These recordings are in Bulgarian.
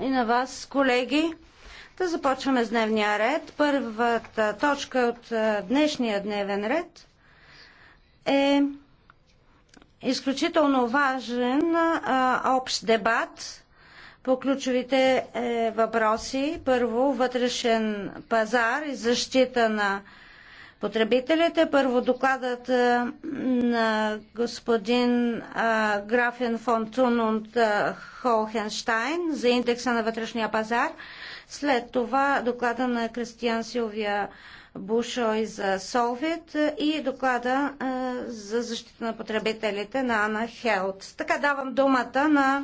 и на вас, колеги. Да започваме с дневния ред. Първата точка от е, днешния дневен ред е изключително важен а, е, общ дебат по ключовите е, въпроси. Първо, вътрешен пазар и защита на потребителите. Първо докладът е, на господин е, Графен фон Цун от е, Холхенштайн за индекса на вътрешния пазар. След това доклада на Кристиан Силвия Бушой за Солвет и доклада за защита на потребителите на Ана Хелт. Така давам думата на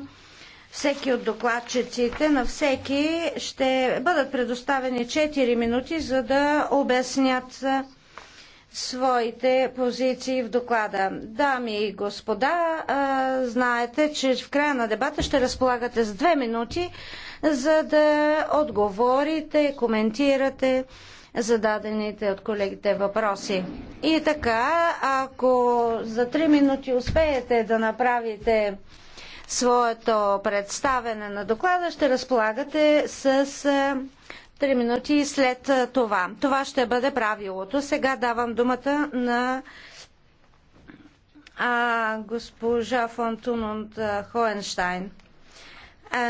всеки от докладчиците. На всеки ще бъдат предоставени 4 минути, за да обяснят своите позиции в доклада. Дами и господа, знаете, че в края на дебата ще разполагате с две минути, за да отговорите, коментирате зададените от колегите въпроси. И така, ако за три минути успеете да направите своето представене на доклада, ще разполагате с 3 минути след това. Това ще бъде правилото. Сега давам думата на а, госпожа Фонтун от Хоенштайн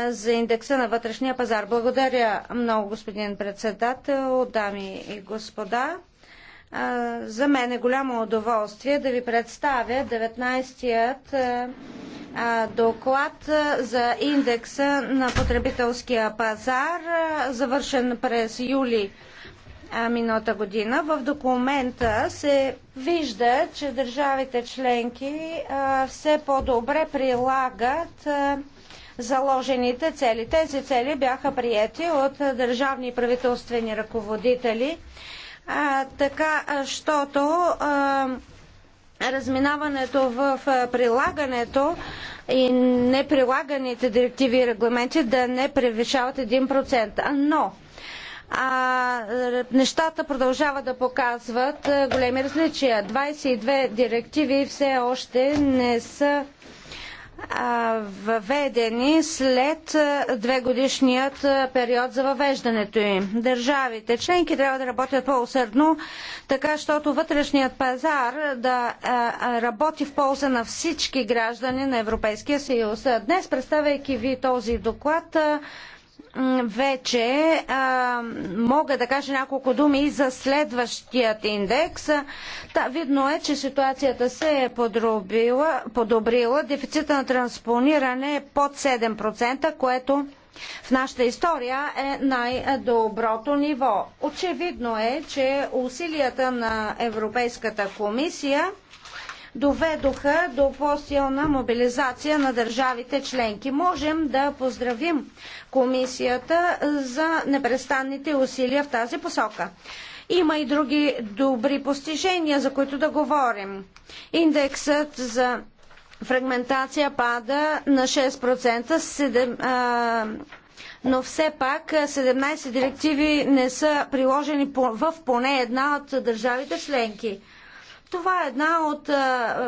за индекса на вътрешния пазар. Благодаря много, господин председател, дами и господа. За мен е голямо удоволствие да ви представя 19-тият доклад за индекса на потребителския пазар, завършен през юли миналата година. В документа се вижда, че държавите членки все по-добре прилагат заложените цели. Тези цели бяха приети от държавни и правителствени ръководители а, така, защото разминаването в прилагането и неприлаганите директиви и регламенти да не превишават 1%. Но а, нещата продължават да показват големи различия. 22 директиви все още не са въведени след две годишният период за въвеждането им. Държавите членки трябва да работят по-усърдно, така щото вътрешният пазар да работи в полза на всички граждани на Европейския съюз. Днес, представяйки ви този доклад, вече а, мога да кажа няколко думи и за следващият индекс. Та, видно е, че ситуацията се е подробила, подобрила. Дефицита на транспониране е под 7%, което в нашата история е най-доброто ниво. Очевидно е, че усилията на Европейската комисия – доведоха до по-силна мобилизация на държавите членки. Можем да поздравим комисията за непрестанните усилия в тази посока. Има и други добри постижения, за които да говорим. Индексът за фрагментация пада на 6%, 7, но все пак 17 директиви не са приложени в поне една от държавите членки. Това е една от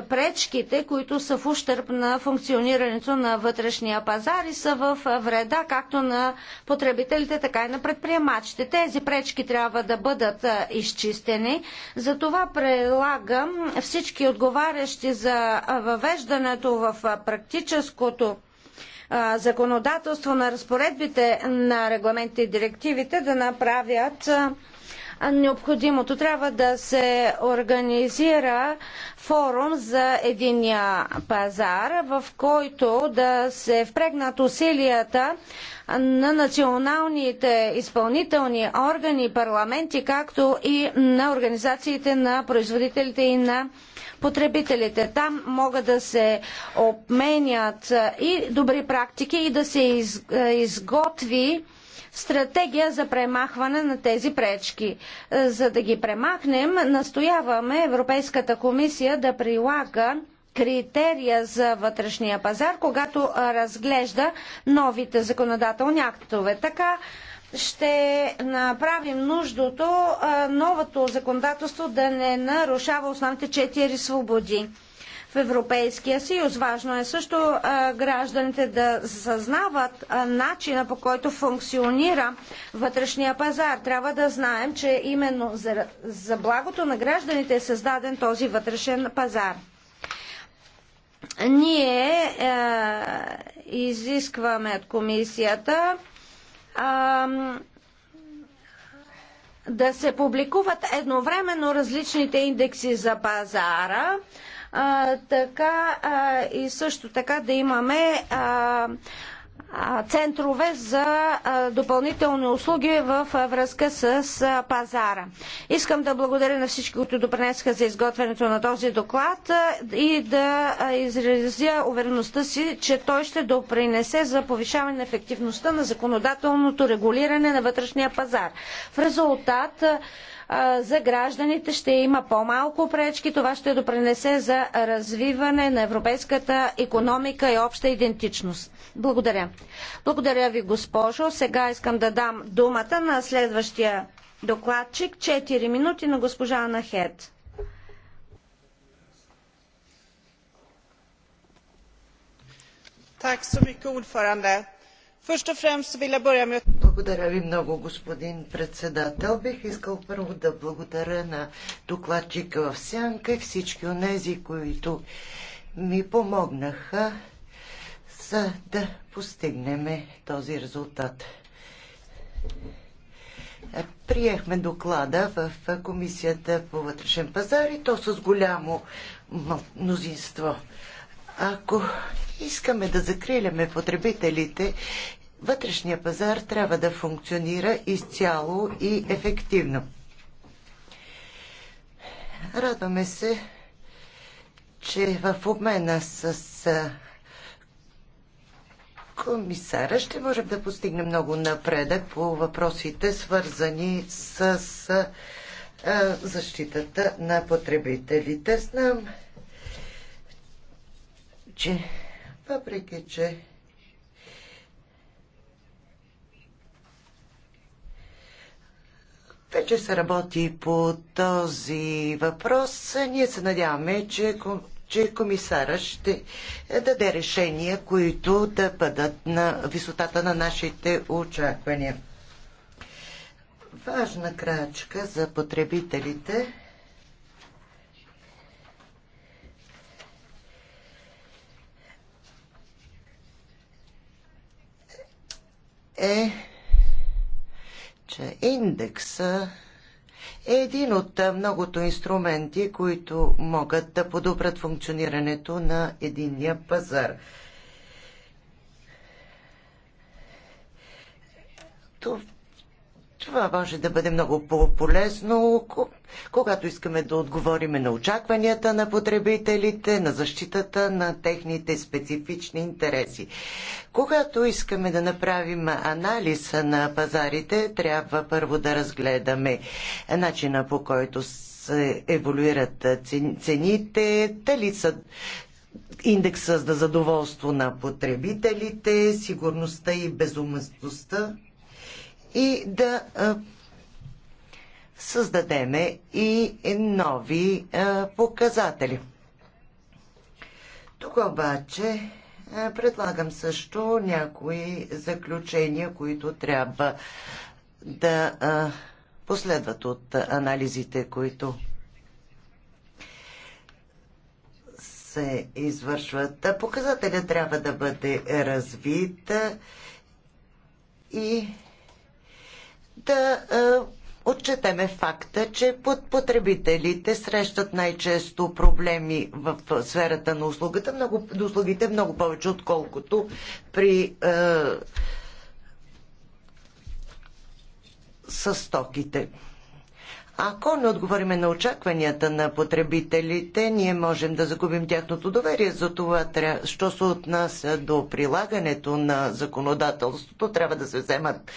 пречките, които са в ущърп на функционирането на вътрешния пазар и са в вреда както на потребителите, така и на предприемачите. Тези пречки трябва да бъдат изчистени. Затова предлагам всички отговарящи за въвеждането в практическото законодателство на разпоредбите на регламентите и директивите да направят необходимото. Трябва да се организира форум за единия пазар, в който да се впрегнат усилията на националните изпълнителни органи парламенти, както и на организациите на производителите и на потребителите. Там могат да се обменят и добри практики и да се е, изготви стратегия за премахване на тези пречки. Е, за да ги премахнем, настояваме Европейската комисия да прилага критерия за вътрешния пазар, когато разглежда новите законодателни актове. Така ще направим нуждото е, новото законодателство да не нарушава основните четири свободи в Европейския съюз. Важно е също гражданите да съзнават начина по който функционира вътрешния пазар. Трябва да знаем, че именно за, за благото на гражданите е създаден този вътрешен пазар. Ние е, изискваме от комисията е, да се публикуват едновременно различните индекси за пазара, а, така а, и също така да имаме а, центрове за допълнителни услуги в връзка с пазара. Искам да благодаря на всички, които допринесаха за изготвянето на този доклад и да изразя увереността си, че той ще допринесе за повишаване на ефективността на законодателното регулиране на вътрешния пазар. В резултат за гражданите ще има по-малко пречки. Това ще допринесе за развиване на европейската економика и обща идентичност. Благодаря. Благодаря ви, госпожо. Сега искам да дам думата на следващия докладчик. Четири минути на госпожа Ана Хед. Tack благодаря ви много, господин председател. Бих искал първо да благодаря на докладчика в Сянка и всички онези, които ми помогнаха за да постигнем този резултат. Приехме доклада в Комисията по вътрешен пазар и то с голямо мнозинство. Ако искаме да закриляме потребителите, вътрешния пазар трябва да функционира изцяло и ефективно. Радваме се, че в обмена с комисара ще можем да постигнем много напредък по въпросите, свързани с защитата на потребителите. Знам, че въпреки че вече се работи по този въпрос. Ние се надяваме, че, че комисара ще даде решения, които да бъдат на висотата на нашите очаквания. Важна крачка за потребителите е, че индекса е един от многото инструменти, които могат да подобрят функционирането на единния пазар. Това може да бъде много полезно, когато искаме да отговорим на очакванията на потребителите, на защитата на техните специфични интереси. Когато искаме да направим анализ на пазарите, трябва първо да разгледаме начина по който се еволюират цените, дали са индекса за задоволство на потребителите, сигурността и безумъстността и да създадеме и нови показатели. Тук обаче предлагам също някои заключения, които трябва да последват от анализите, които се извършват. Показателя трябва да бъде развит и да е, отчетеме факта, че потребителите срещат най-често проблеми в сферата на услугата, много, услугите много повече, отколкото при е, със стоките. Ако не отговориме на очакванията на потребителите, ние можем да загубим тяхното доверие. За това, що се отнася до прилагането на законодателството, трябва да се вземат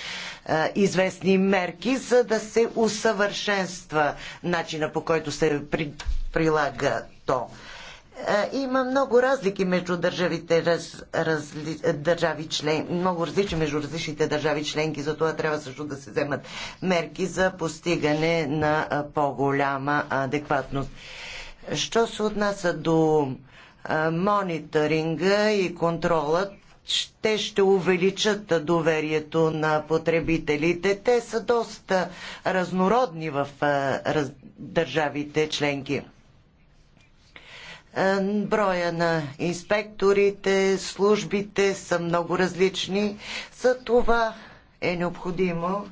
а, известни мерки, за да се усъвършенства начина по който се при, прилага то. Е, има много разлики между държавите, раз, разли, е, държави член, много различни между различните държави членки, затова трябва също да се вземат мерки за постигане на е, по-голяма адекватност. Що се отнася до мониторинга и контрола, те ще увеличат доверието на потребителите. Те са доста разнородни в държавите членки. Е, броя на инспекторите, службите са много различни. За това е необходимо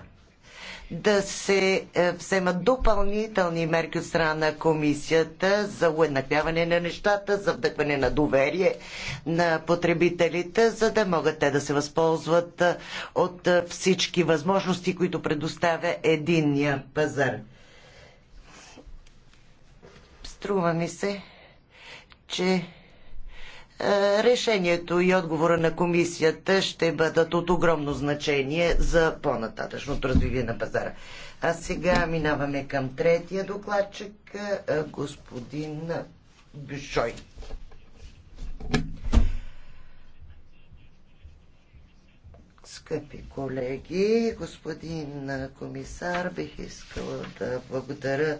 да се е, вземат допълнителни мерки от страна на комисията за уеднаквяване на нещата, за вдъхване на доверие на потребителите, за да могат те да се възползват е, от всички възможности, които предоставя единния пазар. Струва ми се, че е, решението и отговора на комисията ще бъдат от огромно значение за по-нататъчното развитие на пазара. А сега минаваме към третия докладчик, е, господин Бюшой. Скъпи колеги, господин комисар, бих искала да благодаря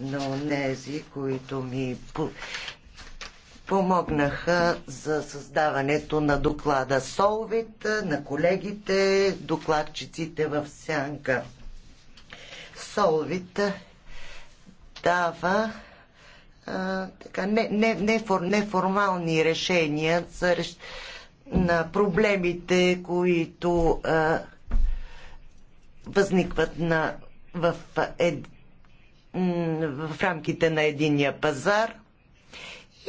на онези, които ми помогнаха за създаването на доклада Солвит, на колегите, докладчиците в Сянка. Солвит дава а, така, не, не, неформални решения за, на проблемите, които а, възникват на, в, е, в рамките на единия пазар –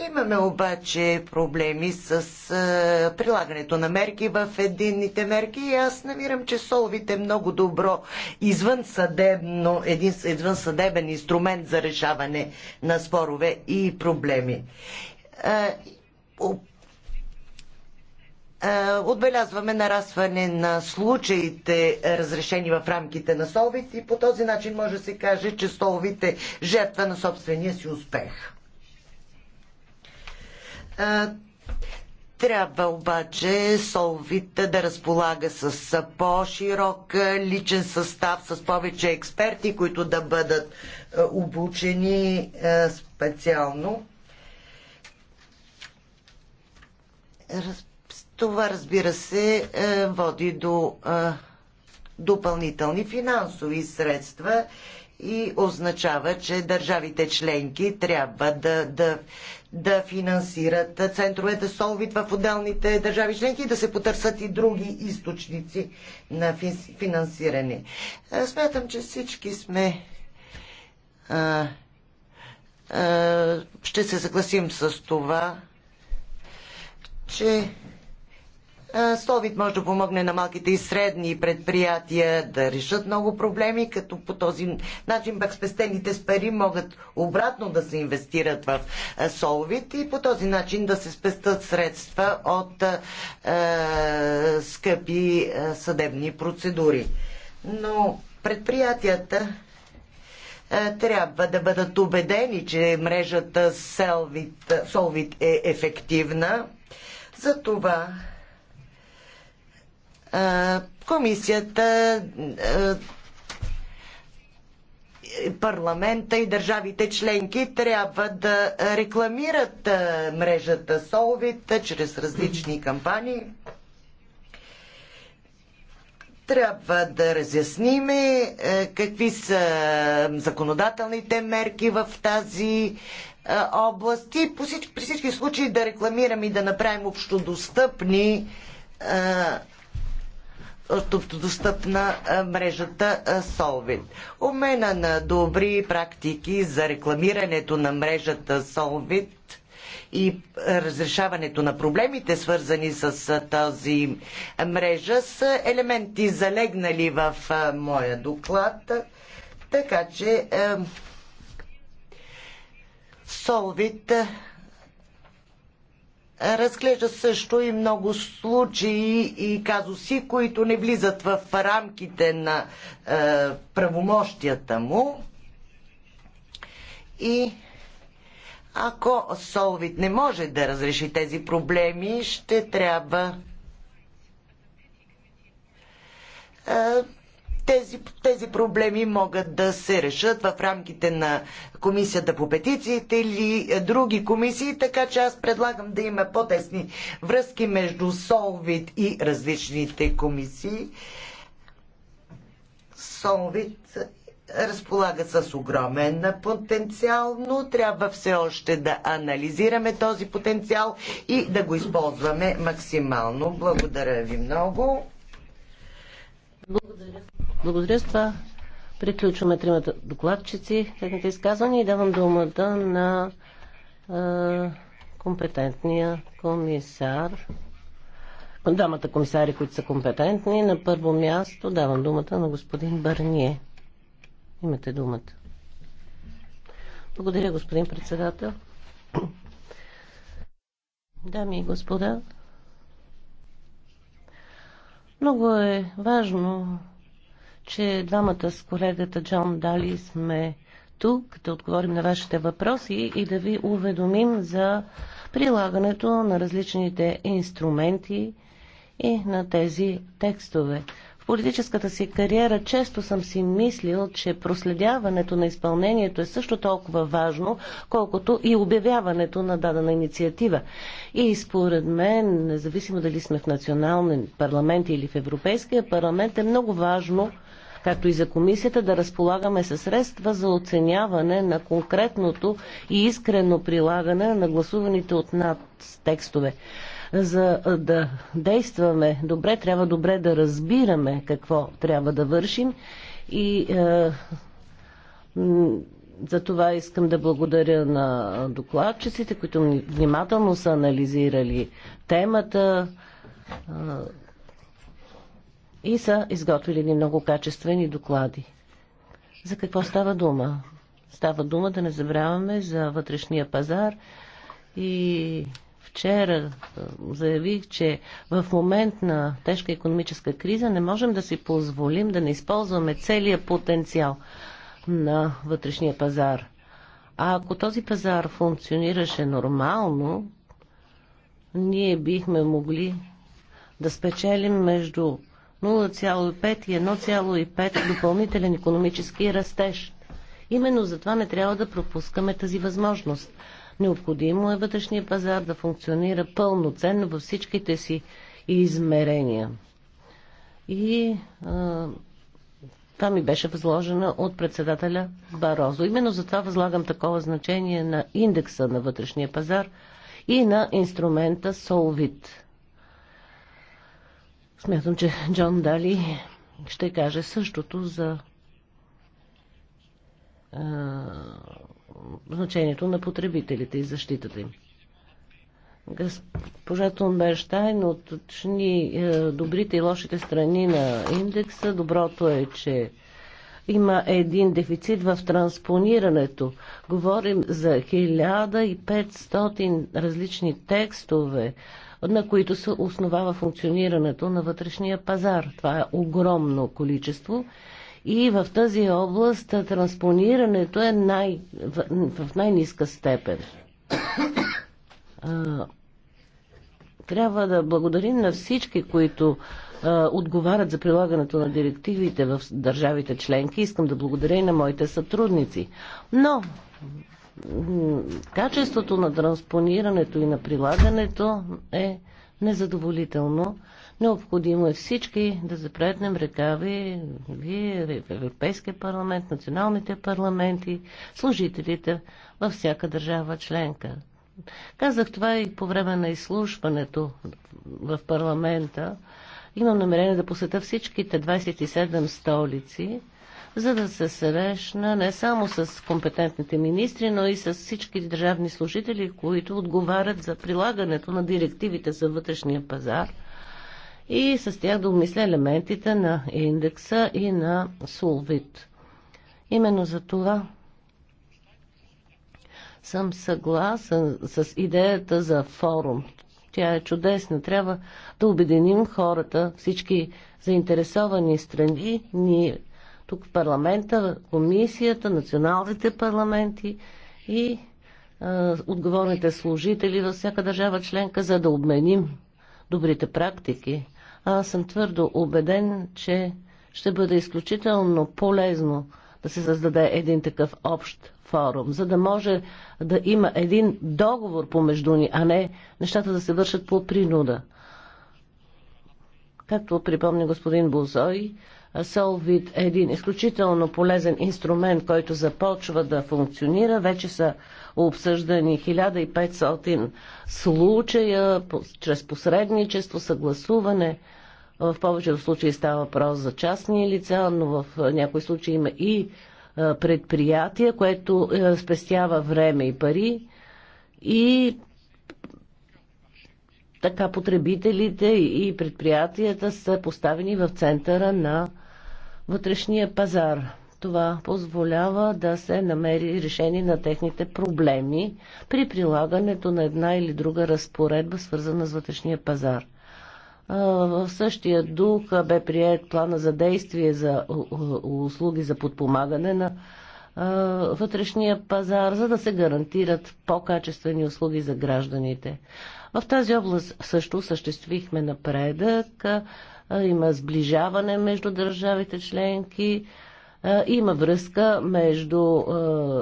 Имаме обаче проблеми с е, прилагането на мерки в единните мерки и аз намирам, че соловите е много добро извънсъдебно, един извънсъдебен инструмент за решаване на спорове и проблеми. Е, е, отбелязваме нарастване на случаите, разрешени в рамките на Солвит и по този начин може да се каже, че Солвит е жертва на собствения си успех трябва обаче Солвит да разполага с по-широк личен състав, с повече експерти, които да бъдат обучени специално. Това, разбира се, води до допълнителни финансови средства и означава, че държавите членки трябва да, да, да финансират центровете Солвит в отделните държави членки и да се потърсят и други източници на финансиране. Е, смятам, че всички сме а, а, ще се съгласим с това, че е, Совит може да помогне на малките и средни предприятия да решат много проблеми, като по този начин пък спестените с пари могат обратно да се инвестират в е, Совит и по този начин да се спестат средства от е, е скъпи съдебни процедури. Но предприятията трябва да бъдат убедени, че мрежата Солвит е ефективна. Затова комисията, парламента и държавите членки трябва да рекламират мрежата Солвит чрез различни кампании. Трябва да разясниме какви са законодателните мерки в тази област и при всички случаи да рекламираме и да направим общодостъпни достъпни достъпна мрежата Solvit. Обмена на добри практики за рекламирането на мрежата Solvit и разрешаването на проблемите, свързани с тази мрежа, са елементи залегнали в моя доклад. Така че Solvit разглежда също и много случаи и казуси, които не влизат в рамките на е, правомощията му. И ако Солвит не може да разреши тези проблеми, ще трябва е, тези, тези проблеми могат да се решат в рамките на комисията по петициите или други комисии, така че аз предлагам да има по-тесни връзки между Солвит и различните комисии. Солвит разполага с огромен потенциал, но трябва все още да анализираме този потенциал и да го използваме максимално. Благодаря ви много. Благодаря. Благодаря с това. Приключваме тримата докладчици, техните изказвания и давам думата на е, компетентния комисар. Дамата комисари, които са компетентни, на първо място давам думата на господин Барние. Имате думата. Благодаря, господин председател. Дами и господа, много е важно че двамата с колегата Джон Дали сме тук да отговорим на вашите въпроси и да ви уведомим за прилагането на различните инструменти и на тези текстове. В политическата си кариера често съм си мислил, че проследяването на изпълнението е също толкова важно, колкото и обявяването на дадена инициатива. И според мен, независимо дали сме в национален парламент или в Европейския парламент, е много важно както и за комисията, да разполагаме със средства за оценяване на конкретното и искрено прилагане на гласуваните от над текстове. За да действаме добре, трябва добре да разбираме какво трябва да вършим и е, за това искам да благодаря на докладчиците, които внимателно са анализирали темата. Е, и са изготвили ни много качествени доклади. За какво става дума? Става дума да не забравяме за вътрешния пазар и вчера заявих, че в момент на тежка економическа криза не можем да си позволим да не използваме целия потенциал на вътрешния пазар. А ако този пазар функционираше нормално, ние бихме могли да спечелим между 0,5 и 1,5 допълнителен економически растеж. Именно затова не трябва да пропускаме тази възможност. Необходимо е вътрешния пазар да функционира пълноценно във всичките си измерения. И а, това ми беше възложено от председателя Барозо. Именно затова възлагам такова значение на индекса на вътрешния пазар и на инструмента Solvit. Смятам, че Джон Дали ще каже същото за а, значението на потребителите и защитата им. Госпожа Тунберштайн уточни добрите и лошите страни на индекса. Доброто е, че има един дефицит в транспонирането. Говорим за 1500 различни текстове, на които се основава функционирането на вътрешния пазар. Това е огромно количество. И в тази област транспонирането е най, в, в най-низка степен. Трябва да благодарим на всички, които отговарят за прилагането на директивите в държавите членки. Искам да благодаря и на моите сътрудници. Но качеството на транспонирането и на прилагането е незадоволително. Необходимо е всички да запретнем ръкави, вие, Европейския парламент, националните парламенти, служителите във всяка държава членка. Казах това и по време на изслушването в парламента. Имам намерение да посета всичките 27 столици за да се срещна не само с компетентните министри, но и с всички държавни служители, които отговарят за прилагането на директивите за вътрешния пазар и с тях да обмисля елементите на индекса и на Сулвит. Именно за това съм съгласен с идеята за форум. Тя е чудесна. Трябва да обединим хората, всички заинтересовани страни. Ние тук в парламента, комисията, националните парламенти и а, отговорните служители във всяка държава членка, за да обменим добрите практики. Аз съм твърдо убеден, че ще бъде изключително полезно да се създаде един такъв общ форум, за да може да има един договор помежду ни, а не нещата да се вършат по принуда. Както припомня господин Бузой, СОЛВИД е един изключително полезен инструмент, който започва да функционира. Вече са обсъждани 1500 случая чрез посредничество, съгласуване. В повечето случаи става въпрос за частни лица, но в някои случаи има и е, предприятия, което е, спестява време и пари и така потребителите и предприятията са поставени в центъра на вътрешния пазар. Това позволява да се намери решение на техните проблеми при прилагането на една или друга разпоредба, свързана с вътрешния пазар. В същия дух бе прият плана за действие за услуги за подпомагане на вътрешния пазар, за да се гарантират по-качествени услуги за гражданите. В тази област също съществихме напредък има сближаване между държавите членки, има връзка между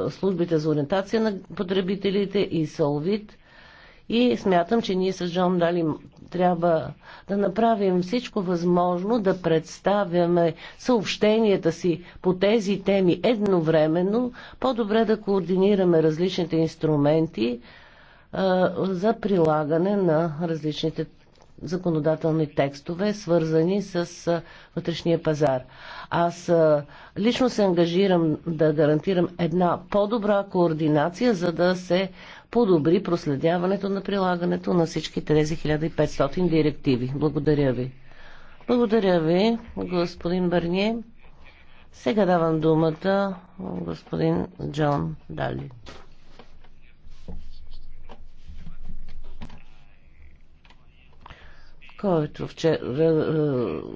службите за ориентация на потребителите и Солвит. И смятам, че ние с Джон Дали трябва да направим всичко възможно да представяме съобщенията си по тези теми едновременно, по-добре да координираме различните инструменти за прилагане на различните законодателни текстове, свързани с вътрешния пазар. Аз лично се ангажирам да гарантирам една по-добра координация, за да се подобри проследяването на прилагането на всички тези 1500 директиви. Благодаря ви. Благодаря ви, господин Бърние. Сега давам думата господин Джон Дали. който вчера е,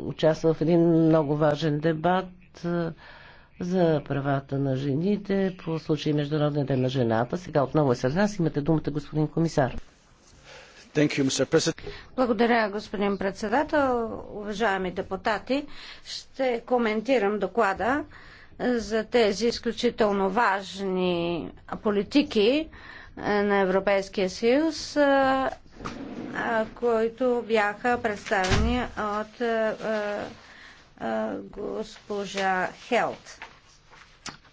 участва в един много важен дебат е, за правата на жените по случай Международния ден на жената. Сега отново е сред нас. Имате думата, господин комисар. You, Благодаря, господин председател. Уважаеми депутати, ще коментирам доклада за тези изключително важни политики е, на Европейския съюз които бяха представени от госпожа Хелт.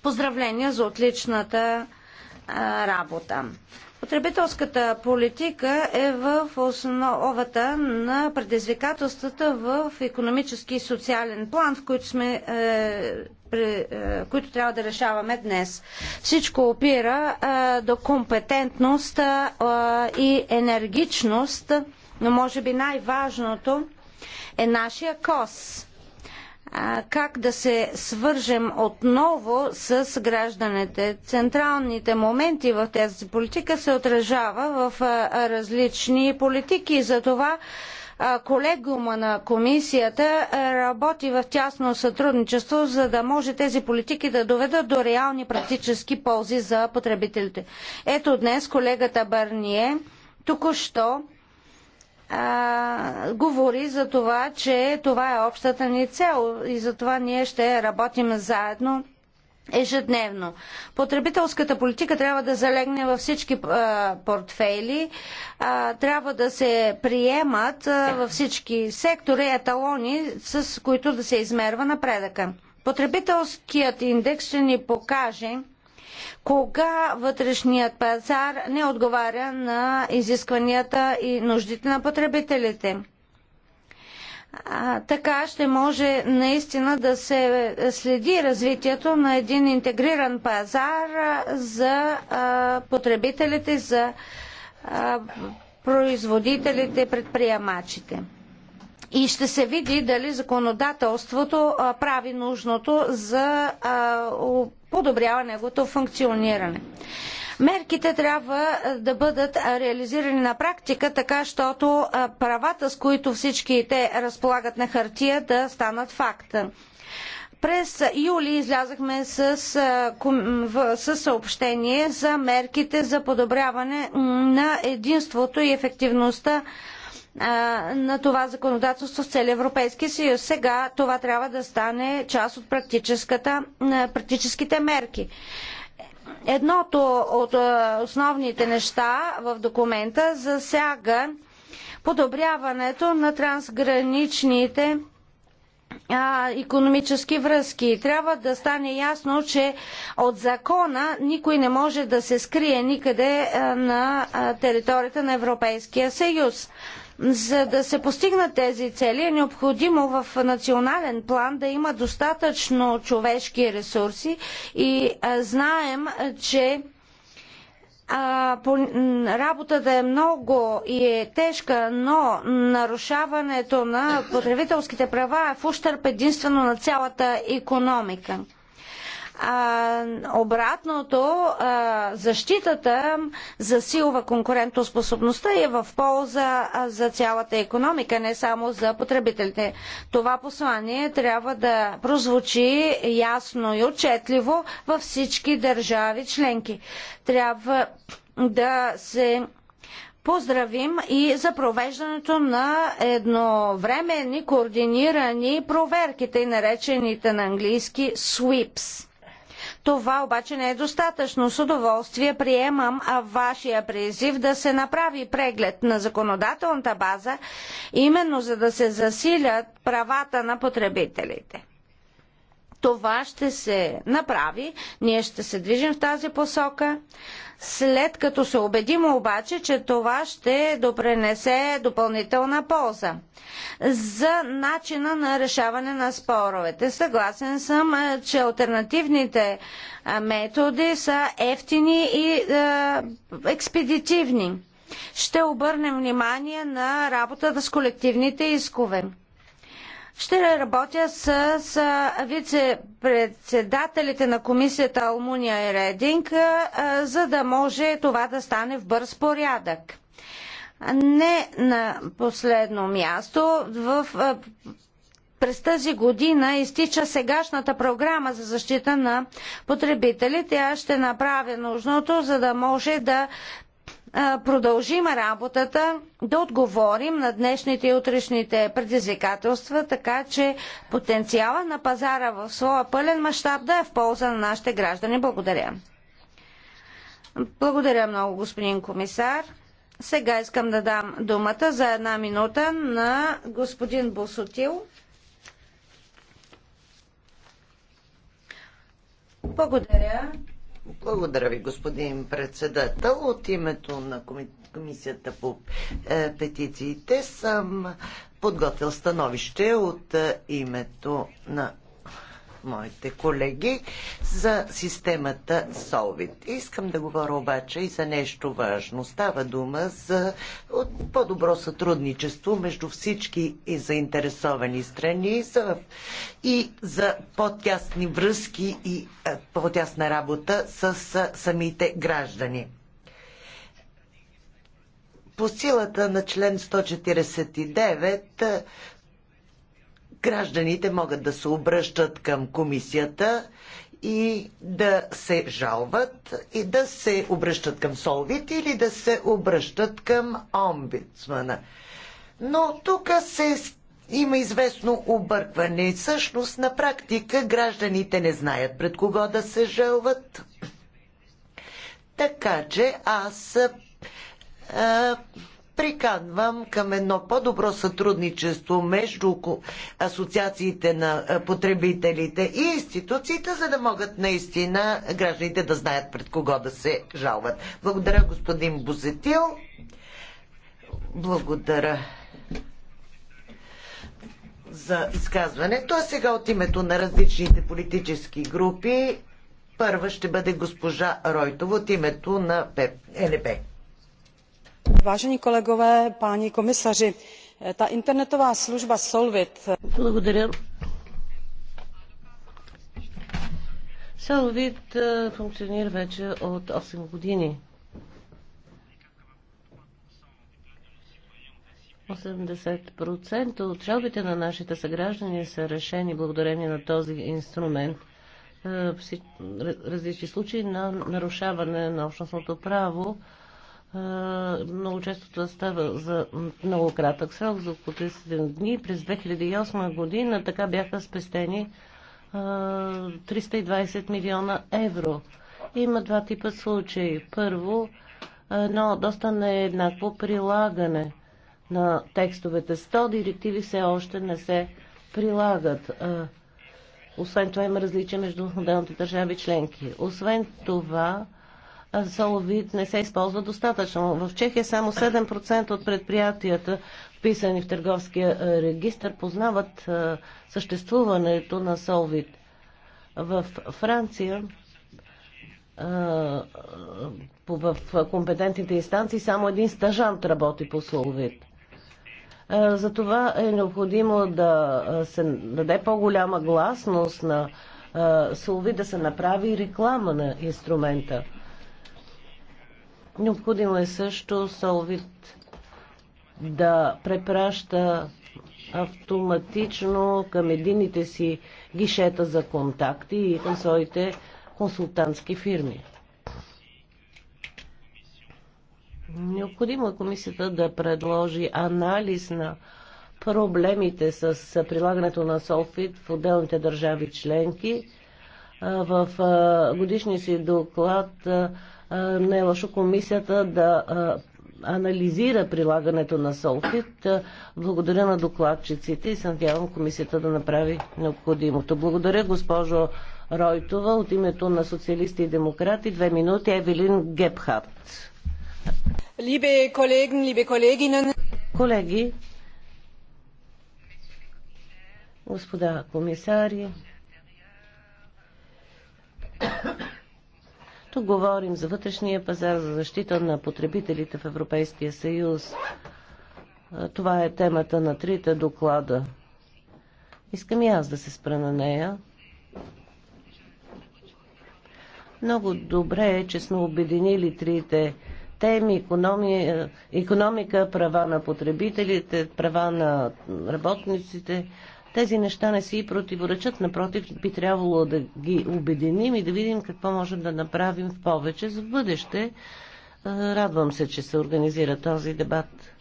Поздравления за отличната работа. Потребителската политика е в основата на предизвикателствата в економически и социален план, в които, сме, е, е, които трябва да решаваме днес. Всичко опира е, до компетентност и енергичност, но може би най-важното е нашия кос как да се свържем отново с гражданите. Централните моменти в тази политика се отражава в различни политики. Затова колегума на комисията работи в тясно сътрудничество, за да може тези политики да доведат до реални практически ползи за потребителите. Ето днес колегата Барние току-що а, говори за това, че това е общата ни цел и за това ние ще работим заедно ежедневно. Потребителската политика трябва да залегне във всички а, портфейли, а, трябва да се приемат а, във всички сектори еталони, с които да се измерва напредъка. Потребителският индекс ще ни покаже кога вътрешният пазар не отговаря на изискванията и нуждите на потребителите. А, така ще може наистина да се следи развитието на един интегриран пазар за а, потребителите, за а, производителите, предприемачите. И ще се види дали законодателството прави нужното за подобрява неговото функциониране. Мерките трябва да бъдат реализирани на практика, така щото правата, с които всички те разполагат на хартия, да станат факта. През юли излязахме с, с съобщение за мерките за подобряване на единството и ефективността на това законодателство в целия Европейски съюз. Сега това трябва да стане част от практическите мерки. Едното от основните неща в документа засяга подобряването на трансграничните а, економически връзки. Трябва да стане ясно, че от закона никой не може да се скрие никъде на територията на Европейския съюз. За да се постигнат тези цели е необходимо в национален план да има достатъчно човешки ресурси и знаем, че а, по, работата е много и е тежка, но нарушаването на потребителските права е в ущърп единствено на цялата економика а, обратното, а, защитата засилва конкурентоспособността и е в полза за цялата економика, не само за потребителите. Това послание трябва да прозвучи ясно и отчетливо във всички държави членки. Трябва да се поздравим и за провеждането на едновременни координирани проверки, тъй наречените на английски SWIPS. Това обаче не е достатъчно. С удоволствие приемам вашия призив да се направи преглед на законодателната база, именно за да се засилят правата на потребителите това ще се направи, ние ще се движим в тази посока, след като се убедим обаче, че това ще допренесе допълнителна полза за начина на решаване на споровете. Съгласен съм, е, че альтернативните е, методи са ефтини и е, експедитивни. Ще обърнем внимание на работата с колективните искове. Ще работя с, с вице-председателите на комисията Алмуния и Рединг, за да може това да стане в бърз порядък. Не на последно място, в през тази година изтича сегашната програма за защита на потребителите. Аз ще направя нужното, за да може да продължим работата, да отговорим на днешните и утрешните предизвикателства, така че потенциала на пазара в своя пълен мащаб да е в полза на нашите граждани. Благодаря. Благодаря много, господин комисар. Сега искам да дам думата за една минута на господин Босотил. Благодаря. Благодаря ви, господин председател. От името на Комисията по е, петициите съм подготвил становище от е, името на моите колеги за системата Solvit. Искам да говоря обаче и за нещо важно. Става дума за по-добро сътрудничество между всички и заинтересовани страни за, и за по-тясни връзки и по-тясна работа с самите граждани. По силата на член 149 гражданите могат да се обръщат към комисията и да се жалват и да се обръщат към Солвит или да се обръщат към омбитсмана. Но тук се има известно объркване. Същност, на практика гражданите не знаят пред кого да се жалват. Така че аз а, приканвам към едно по-добро сътрудничество между асоциациите на потребителите и институциите, за да могат наистина гражданите да знаят пред кого да се жалват. Благодаря, господин Бузетил. Благодаря за изказването. А сега от името на различните политически групи първа ще бъде госпожа Ройтова от името на НП. Е Vážení kolegové, páni komisaři, ta internetová služba Solvit. Благодаря. Solvit е, функционира вече от 8 години. 80% от жалбите на нашите съграждани са решени благодарение на този инструмент. Е, различни случаи на нарушаване на общностното право много често това става за много кратък срок, за около 37 дни. През 2008 година така бяха спестени 320 милиона евро. Има два типа случаи. Първо, едно доста нееднакво прилагане на текстовете. 100 директиви все още не се прилагат. Освен това има различия между отделните държави членки. Освен това, соловид не се използва достатъчно. В Чехия само 7% от предприятията, вписани в търговския е, регистр, познават е, съществуването на солвид. В Франция е, в компетентните инстанции само един стажант работи по соловид. Затова е необходимо да се даде по-голяма гласност на слови да се направи реклама на инструмента. Необходимо е също Солвит да препраща автоматично към едините си гишета за контакти и към своите консултантски фирми. Необходимо е комисията да предложи анализ на проблемите с прилагането на Солфит в отделните държави членки. В годишния си доклад не е лошо комисията да анализира прилагането на Солфит. Благодаря на докладчиците и се надявам комисията да направи необходимото. Благодаря, госпожо Ройтова. От името на социалисти и демократи, две минути, Евелин Гепхарт. Либе колеги, либе колегинен. Колеги, господа комисари, тук говорим за вътрешния пазар, за защита на потребителите в Европейския съюз. Това е темата на трите доклада. Искам и аз да се спра на нея. Много добре е, че сме обединили трите теми економия, економика, права на потребителите, права на работниците. Тези неща не си противоречат, напротив, би трябвало да ги обединим и да видим какво можем да направим в повече за бъдеще. Радвам се, че се организира този дебат.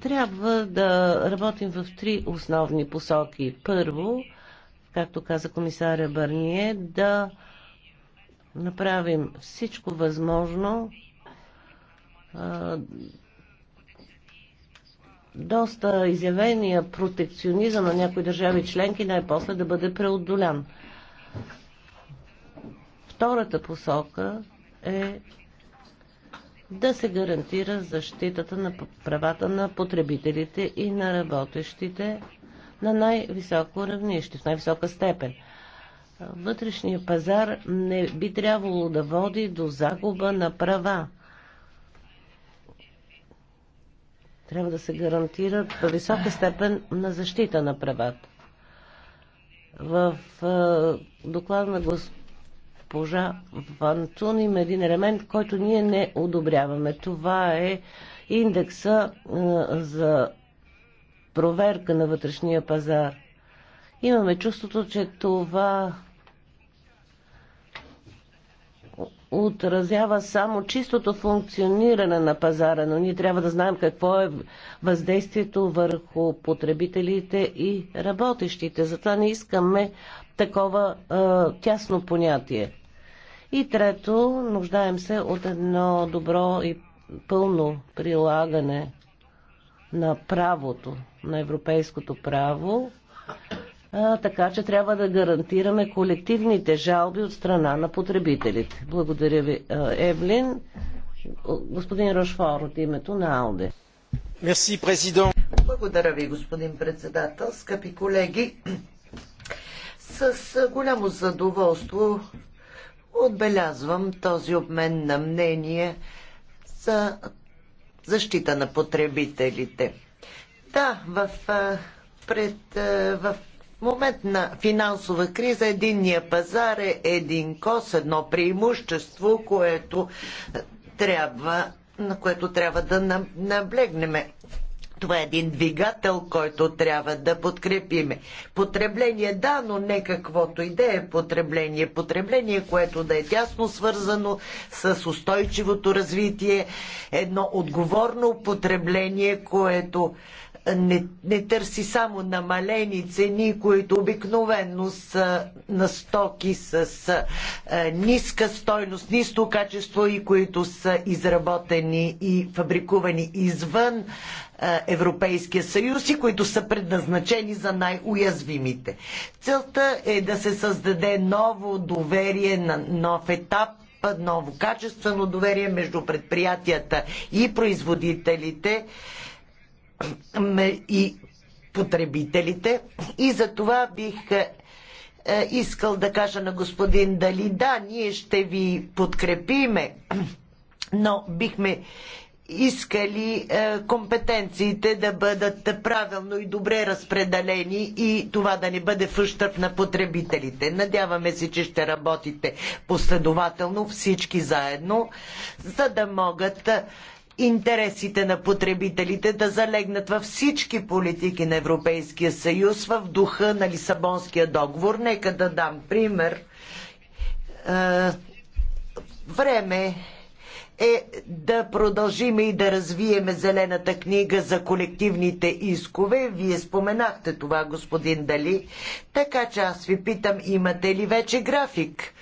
Трябва да работим в три основни посоки. Първо, както каза комисаря Барние, да направим всичко възможно доста изявения протекционизъм на някои държави членки най-после да бъде преодолян. Втората посока е да се гарантира защитата на правата на потребителите и на работещите на най-високо равнище, в най-висока степен. Вътрешния пазар не би трябвало да води до загуба на права. Трябва да се гарантира висока степен на защита на правата. В доклада на госпожа Ванцун има един елемент, който ние не одобряваме. Това е индекса за проверка на вътрешния пазар. Имаме чувството, че това отразява само чистото функциониране на пазара, но ние трябва да знаем какво е въздействието върху потребителите и работещите. Затова не искаме такова а, е, тясно понятие. И трето, нуждаем се от едно добро и пълно прилагане на правото, на европейското право, а, така че трябва да гарантираме колективните жалби от страна на потребителите. Благодаря ви, Евлин. Господин Рошфор от името на Алде. Мерси, президент. Благодаря ви, господин председател. Скъпи колеги, с голямо задоволство отбелязвам този обмен на мнение за защита на потребителите. Да, в, пред, в момент на финансова криза единния пазар е един кос, едно преимущество, което трябва, на което трябва да наблегнеме. Това е един двигател, който трябва да подкрепиме. Потребление, да, но не каквото и да е потребление. Потребление, което да е тясно свързано с устойчивото развитие. Едно отговорно потребление, което не, не търси само намалени цени, които обикновенно са на стоки с ниска стойност, ниско качество и които са изработени и фабрикувани извън Европейския съюз и които са предназначени за най-уязвимите. Целта е да се създаде ново доверие на нов етап ново качествено доверие между предприятията и производителите и потребителите. И за това бих е, е, искал да кажа на господин Дали, да, ние ще ви подкрепиме, но бихме искали е, компетенциите да бъдат правилно и добре разпределени и това да не бъде в ущърп на потребителите. Надяваме се, че ще работите последователно всички заедно, за да могат интересите на потребителите да залегнат във всички политики на Европейския съюз в духа на Лисабонския договор. Нека да дам пример. Е, време е да продължим и да развиеме зелената книга за колективните искове. Вие споменахте това, господин Дали. Така че аз ви питам, имате ли вече график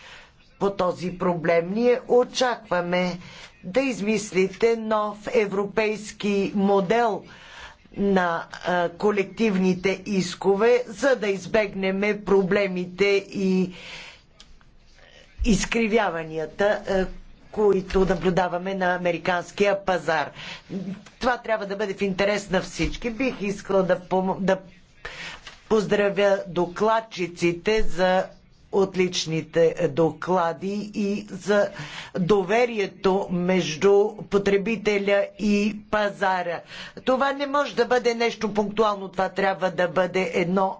по този проблем? Ние очакваме да измислите нов европейски модел на колективните искове, за да избегнем проблемите и изкривяванията, които наблюдаваме на американския пазар. Това трябва да бъде в интерес на всички. Бих искала да, пом... да поздравя докладчиците за отличните доклади и за доверието между потребителя и пазара. Това не може да бъде нещо пунктуално, това трябва да бъде едно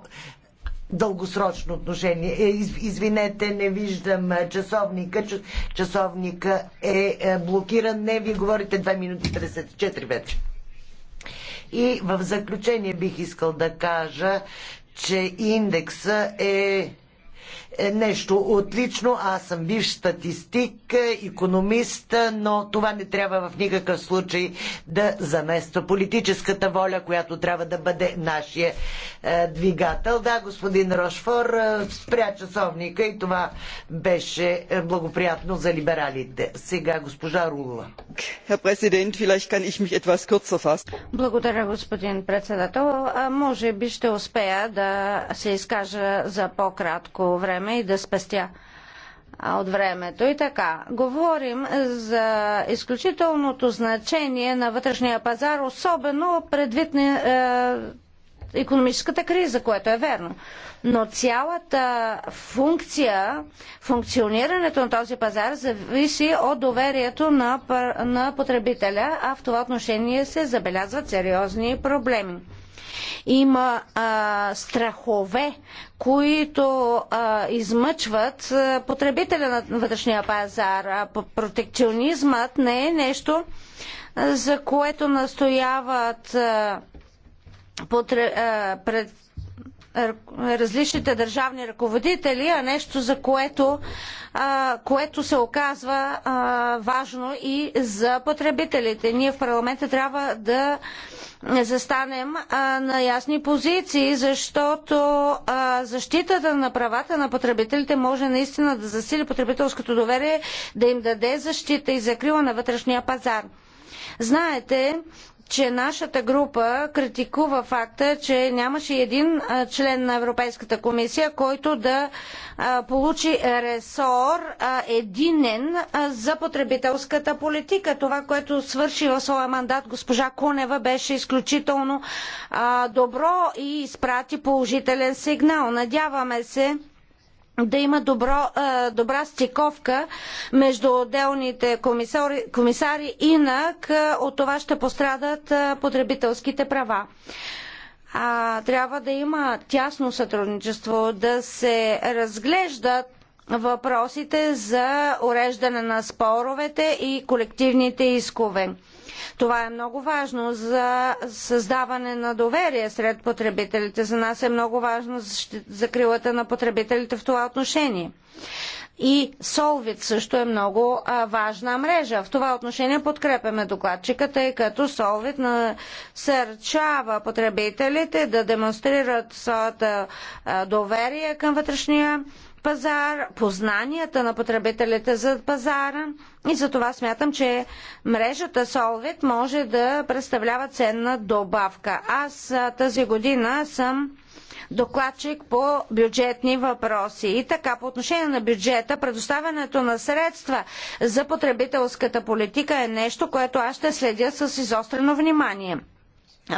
дългосрочно отношение. Е, извинете, не виждам часовника. Часовника е, е блокиран. Не, вие говорите 2 минути 54 вече. И в заключение бих искал да кажа, че индекса е е нещо отлично. Аз съм бивш статистик, економист, но това не трябва в никакъв случай да замества политическата воля, която трябва да бъде нашия е, двигател. Да, господин Рошфор е, спря часовника и това беше благоприятно за либералите. Сега госпожа Рулова. Благодаря, господин председател. Може би ще успея да се изкажа за по-кратко време и да спестя от времето. И така, говорим за изключителното значение на вътрешния пазар, особено предвид на е, економическата криза, което е верно. Но цялата функция, функционирането на този пазар зависи от доверието на, на потребителя, а в това отношение се забелязват сериозни проблеми. Има а, страхове, които а, измъчват а, потребителя на вътрешния пазар. А, протекционизмът не е нещо, а, за което настояват. А, потреб... пред различните държавни ръководители, а нещо, за което, а, което се оказва а, важно и за потребителите. Ние в парламента трябва да застанем а, на ясни позиции, защото защитата на правата на потребителите може наистина да засили потребителското доверие, да им даде защита и закрила на вътрешния пазар. Знаете, че нашата група критикува факта, че нямаше един член на Европейската комисия, който да получи ресор единен за потребителската политика. Това, което свърши в своя мандат госпожа Кунева, беше изключително добро и изпрати положителен сигнал. Надяваме се, да има добро, добра стиковка между отделните комисари, комисари инак от това ще пострадат потребителските права. А, трябва да има тясно сътрудничество, да се разглеждат въпросите за уреждане на споровете и колективните искове. Това е много важно за създаване на доверие сред потребителите. За нас е много важно закрилата на потребителите в това отношение. И Солвит също е много а, важна мрежа. В това отношение подкрепяме докладчика, тъй като Солвит насърчава потребителите да демонстрират своята а, доверие към вътрешния пазар, познанията на потребителите за пазара и за това смятам, че мрежата Solvit може да представлява ценна добавка. Аз тази година съм докладчик по бюджетни въпроси. И така, по отношение на бюджета, предоставянето на средства за потребителската политика е нещо, което аз ще следя с изострено внимание.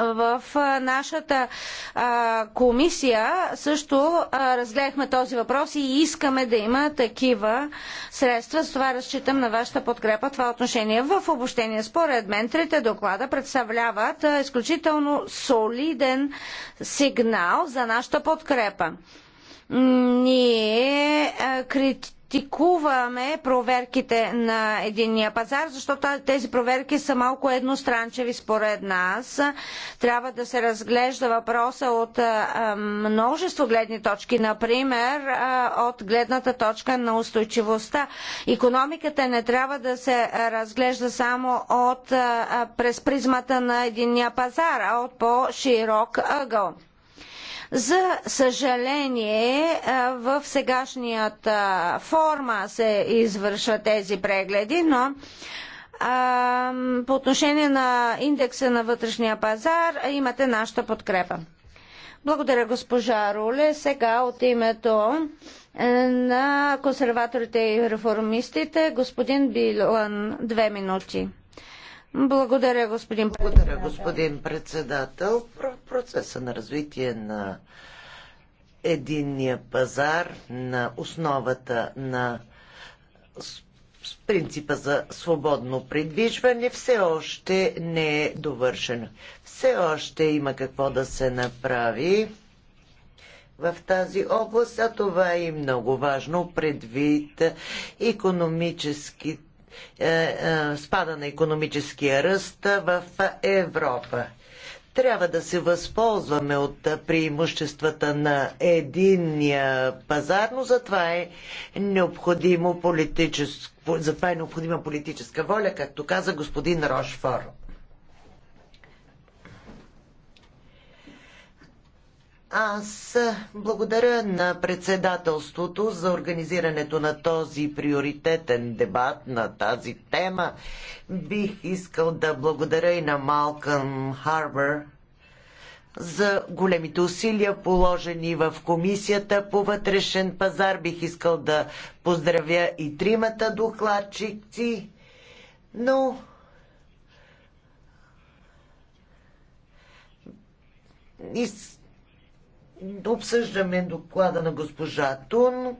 В нашата а, комисия също а, разгледахме този въпрос и искаме да има такива средства. С това разчитам на вашата подкрепа това отношение. Е в обобщение, според мен, трите доклада представляват а, изключително солиден сигнал за нашата подкрепа. Ние критикуваме критикуваме проверките на единния пазар, защото тези проверки са малко едностранчеви според нас. Трябва да се разглежда въпроса от множество гледни точки, например от гледната точка на устойчивостта. Економиката не трябва да се разглежда само от през призмата на единния пазар, а от по-широк ъгъл. За съжаление, в сегашният форма се извършват тези прегледи, но по отношение на индекса на вътрешния пазар имате нашата подкрепа. Благодаря, госпожа Руле. Сега от името е, на консерваторите и реформистите, господин Билан, две минути. Благодаря, господин председател. Благодаря, господин председател. Процеса на развитие на единния пазар на основата на принципа за свободно придвижване все още не е довършено. Все още има какво да се направи в тази област, а това е и много важно предвид економическите е, е, спада на економическия ръст в Европа. Трябва да се възползваме от преимуществата на единния пазар, но за това е, необходимо политическо, за това е необходима политическа воля, както каза господин Рошфор. Аз благодаря на председателството за организирането на този приоритетен дебат на тази тема. Бих искал да благодаря и на Малкъм Харбър за големите усилия, положени в Комисията по вътрешен пазар. Бих искал да поздравя и тримата докладчици, но и Обсъждаме доклада на госпожа Тун,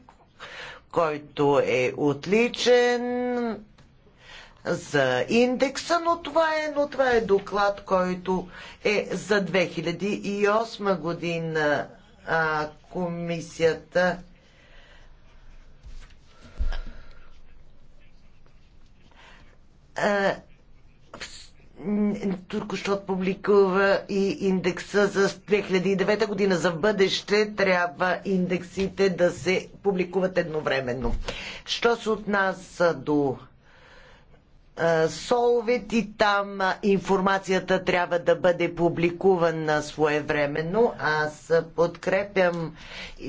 който е отличен за индекса, но това е, но това е доклад, който е за 2008 година а, комисията а, Туркошот публикува и индекса за 2009 година. За бъдеще трябва индексите да се публикуват едновременно. Що се отнася до Солвет и там информацията трябва да бъде публикувана своевременно. Аз подкрепям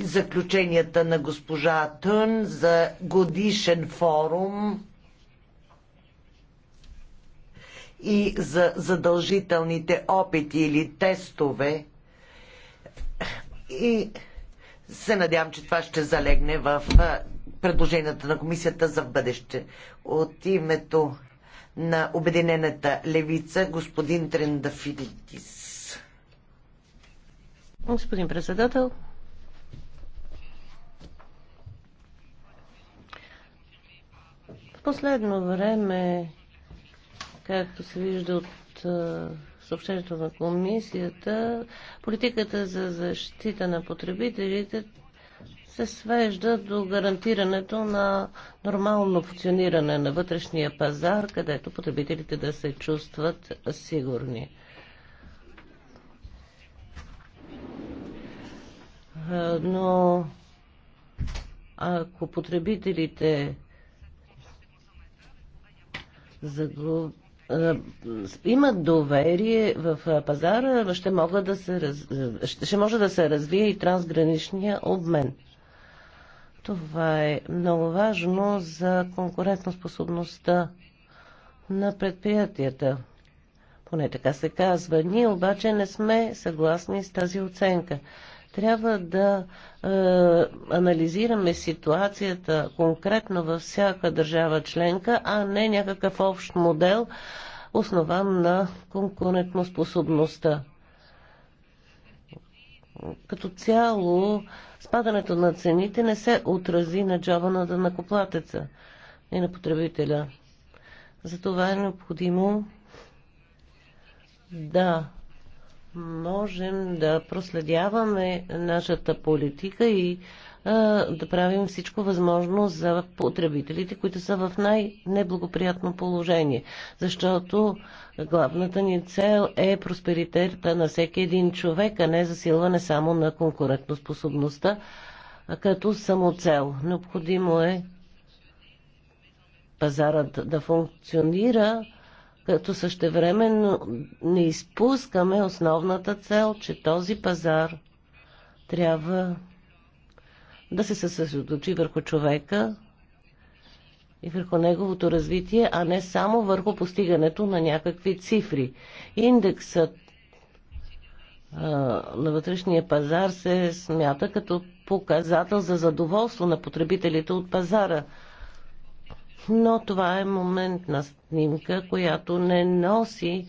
заключенията на госпожа Тън за годишен форум и за задължителните опити или тестове. И се надявам, че това ще залегне в предложенията на комисията за бъдеще. От името на Обединената левица, господин Трендафилитис. Господин председател, в последно време Както се вижда от съобщението на комисията, политиката за защита на потребителите се свежда до гарантирането на нормално функциониране на вътрешния пазар, където потребителите да се чувстват сигурни. Но ако потребителите загубят имат доверие в пазара, ще, мога да се раз... ще може да се развие и трансграничния обмен. Това е много важно за конкурентоспособността на предприятията. Поне така се казва. Ние обаче не сме съгласни с тази оценка. Трябва да е, анализираме ситуацията конкретно във всяка държава членка, а не някакъв общ модел, основан на конкурентоспособността. Като цяло, спадането на цените не се отрази на джоба на накоплатеца и на потребителя. Затова е необходимо да можем да проследяваме нашата политика и а, да правим всичко възможно за потребителите, които са в най-неблагоприятно положение. Защото главната ни цел е просперитета на всеки един човек, а не засилване само на конкурентоспособността като самоцел. Необходимо е пазарът да функционира като същевременно не изпускаме основната цел, че този пазар трябва да се съсредоточи върху човека и върху неговото развитие, а не само върху постигането на някакви цифри. Индексът а, на вътрешния пазар се смята като показател за задоволство на потребителите от пазара – но това е моментна снимка, която не носи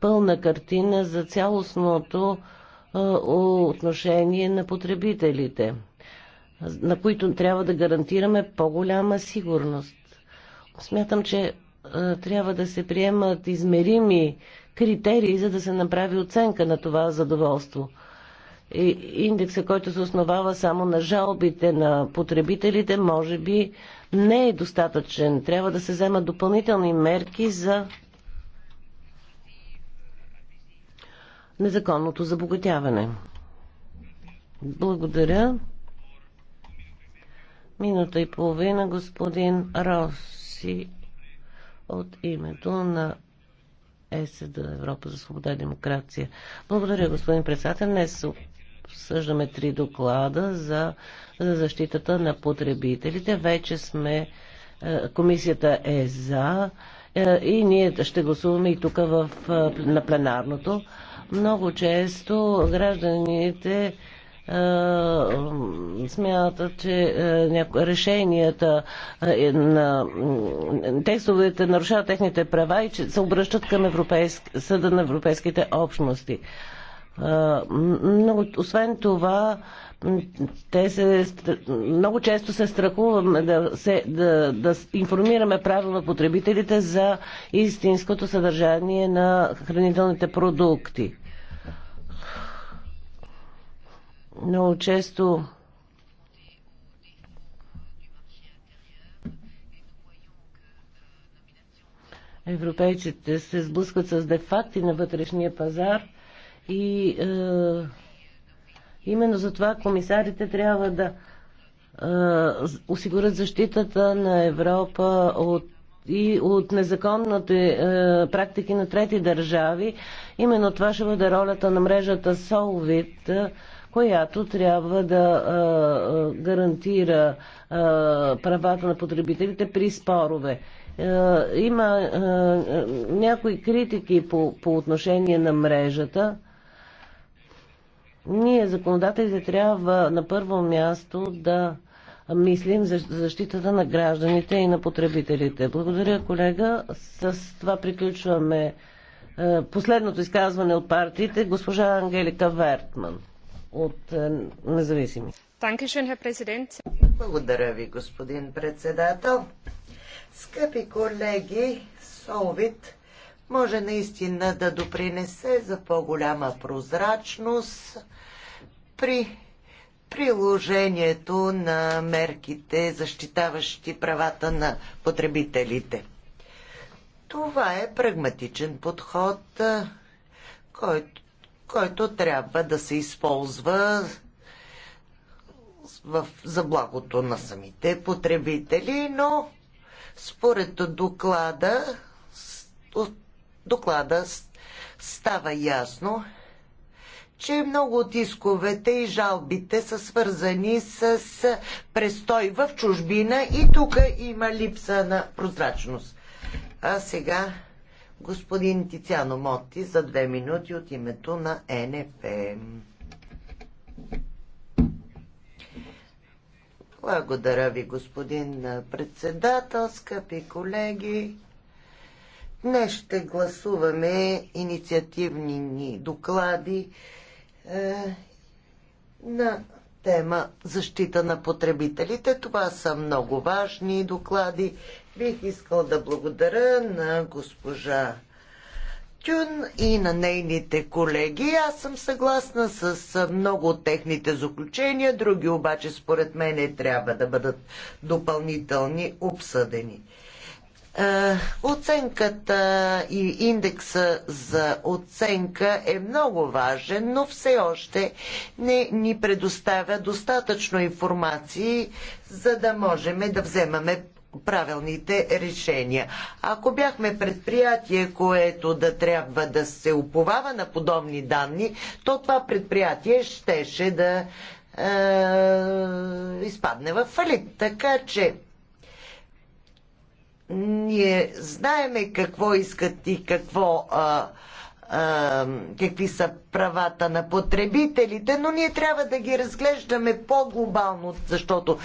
пълна картина за цялостното отношение на потребителите, на които трябва да гарантираме по-голяма сигурност. Смятам, че трябва да се приемат измерими критерии, за да се направи оценка на това задоволство. И индекса, който се основава само на жалбите на потребителите, може би не е достатъчен. Трябва да се вземат допълнителни мерки за незаконното забогатяване. Благодаря. Минута и половина господин Роси от името на ЕСД Европа за свобода и демокрация. Благодаря, господин председател. Днес обсъждаме три доклада за, за защитата на потребителите. Вече сме, е, комисията е за е, и ние ще гласуваме и тук в, е, на пленарното. Много често гражданите смятат, че решенията на текстовете нарушават техните права и че се обръщат към Европейск, съда на европейските общности. Много, освен това, те се, много често се страхуваме да, се, да, да информираме правилно потребителите за истинското съдържание на хранителните продукти. Много често европейците се сблъскват с дефакти на вътрешния пазар – и е, именно за това комисарите трябва да е, осигурят защитата на Европа от и от незаконните е, практики на трети държави. Именно това ще бъде ролята на мрежата Солвит, е, която трябва да е, е, гарантира е, правата на потребителите при спорове. Е, има е, е някои критики по, по отношение на мрежата. Ние, законодателите, трябва на първо място да мислим за защитата на гражданите и на потребителите. Благодаря, колега. С това приключваме е, последното изказване от партиите. Госпожа Ангелика Вертман от е, Независими. Благодаря ви, господин председател. Скъпи колеги, Солвит може наистина да допринесе за по-голяма прозрачност при приложението на мерките, защитаващи правата на потребителите. Това е прагматичен подход, който, който трябва да се използва в, за благото на самите потребители, но според доклада, доклада става ясно, че много от исковете и жалбите са свързани с престой в чужбина и тук има липса на прозрачност. А сега господин Тициано Моти за две минути от името на НФ. Благодаря ви, господин председател, скъпи колеги. Днес ще гласуваме инициативни ни доклади е, на тема защита на потребителите. Това са много важни доклади. Бих искал да благодаря на госпожа Тюн и на нейните колеги. Аз съм съгласна с много от техните заключения, други обаче според мен трябва да бъдат допълнителни обсъдени. Е, оценката и индекса за оценка е много важен, но все още не ни предоставя достатъчно информации, за да можем да вземаме правилните решения. Ако бяхме предприятие, което да трябва да се уповава на подобни данни, то това предприятие щеше да е, изпадне в фалит. Така че ние знаеме какво искат и какво, а, а, какви са правата на потребителите, но ние трябва да ги разглеждаме по-глобално, защото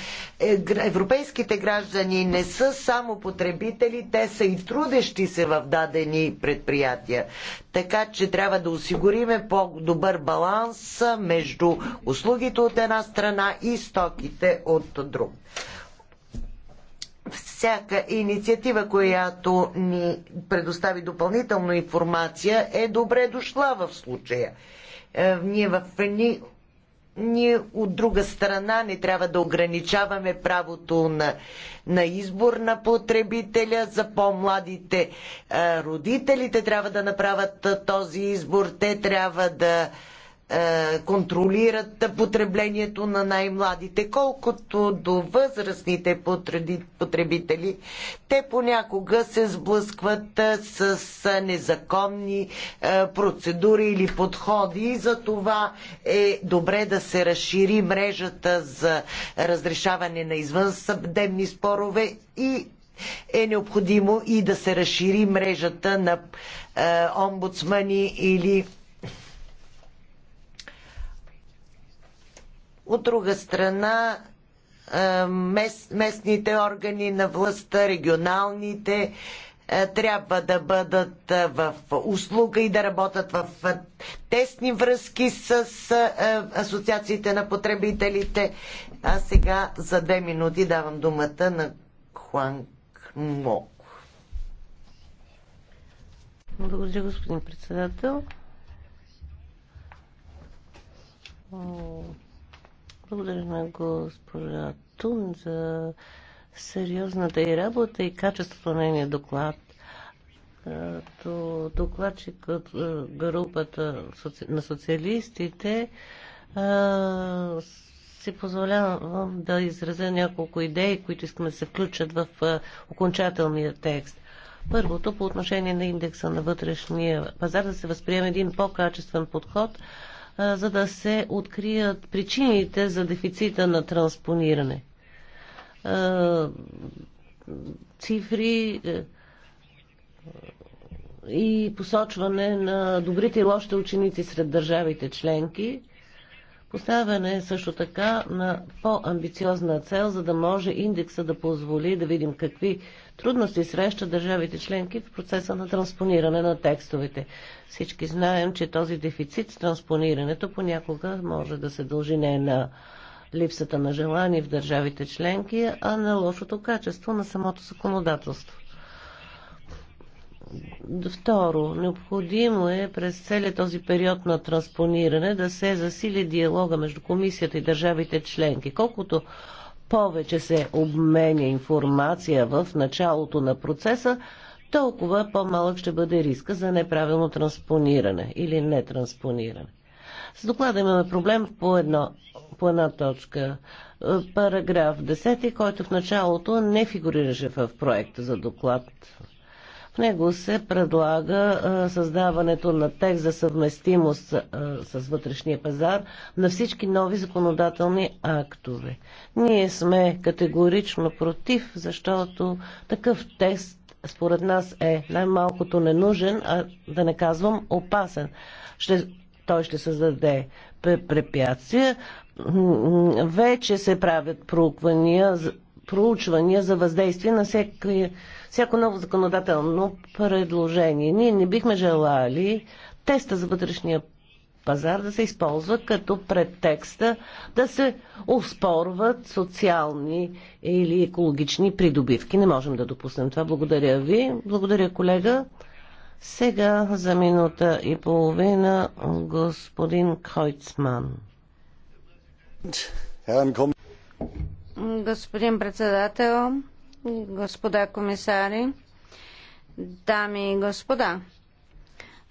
европейските граждани не са само потребители, те са и трудещи се в дадени предприятия. Така че трябва да осигуриме по-добър баланс между услугите от една страна и стоките от друг всяка инициатива, която ни предостави допълнителна информация, е добре дошла в случая. Е, ние в ни, ние от друга страна не трябва да ограничаваме правото на, на избор на потребителя за по-младите е, родителите трябва да направят е, този избор. Те трябва да е, контролират потреблението на най-младите, колкото до възрастните потребители. Те понякога се сблъскват е, с е, незаконни процедури или подходи и за това е добре да се разшири мрежата за разрешаване на извънсъдебни спорове и е необходимо и да се разшири мрежата на омбудсмани или От друга страна, е, мест, местните органи на властта, регионалните, е, трябва да бъдат е, в услуга и да работят в тесни връзки с асоциациите на потребителите. А сега за две минути давам думата на Хуан Мок. Благодаря, господин председател. Благодаря на госпожа Тун за сериозната и работа и качеството на нейния доклад. Като докладчик от групата на социалистите си позволявам да изразя няколко идеи, които искаме да се включат в окончателния текст. Първото, по отношение на индекса на вътрешния пазар, да се възприеме един по-качествен подход – за да се открият причините за дефицита на транспониране. Цифри е, и посочване на добрите и лошите ученици сред държавите членки. Поставяне също така на по-амбициозна цел, за да може индекса да позволи да видим какви трудности срещат държавите членки в процеса на транспониране на текстовете. Всички знаем, че този дефицит с транспонирането понякога може да се дължи не на липсата на желание в държавите членки, а на лошото качество на самото законодателство. Второ, необходимо е през целият този период на транспониране да се засили диалога между комисията и държавите членки. Колкото повече се обменя информация в началото на процеса, толкова по-малък ще бъде риска за неправилно транспониране или нетранспониране. С доклада имаме проблем по, едно, по една точка. Е, параграф 10, който в началото не фигурираше в проекта за доклад. В него се предлага е, създаването на текст за съвместимост е, с вътрешния пазар на всички нови законодателни актове. Ние сме категорично против, защото такъв текст според нас е най-малкото ненужен, а да не казвам опасен. Ще, той ще създаде препятствия. Вече се правят проуквания, проучвания за въздействие на всеки, всяко ново законодателно предложение. Ние не бихме желали теста за вътрешния пазар да се използва като претекста да се оспорват социални или екологични придобивки. Не можем да допуснем това. Благодаря ви. Благодаря, колега. Сега за минута и половина господин Кройцман. Господин председател, господа комисари, дами и господа,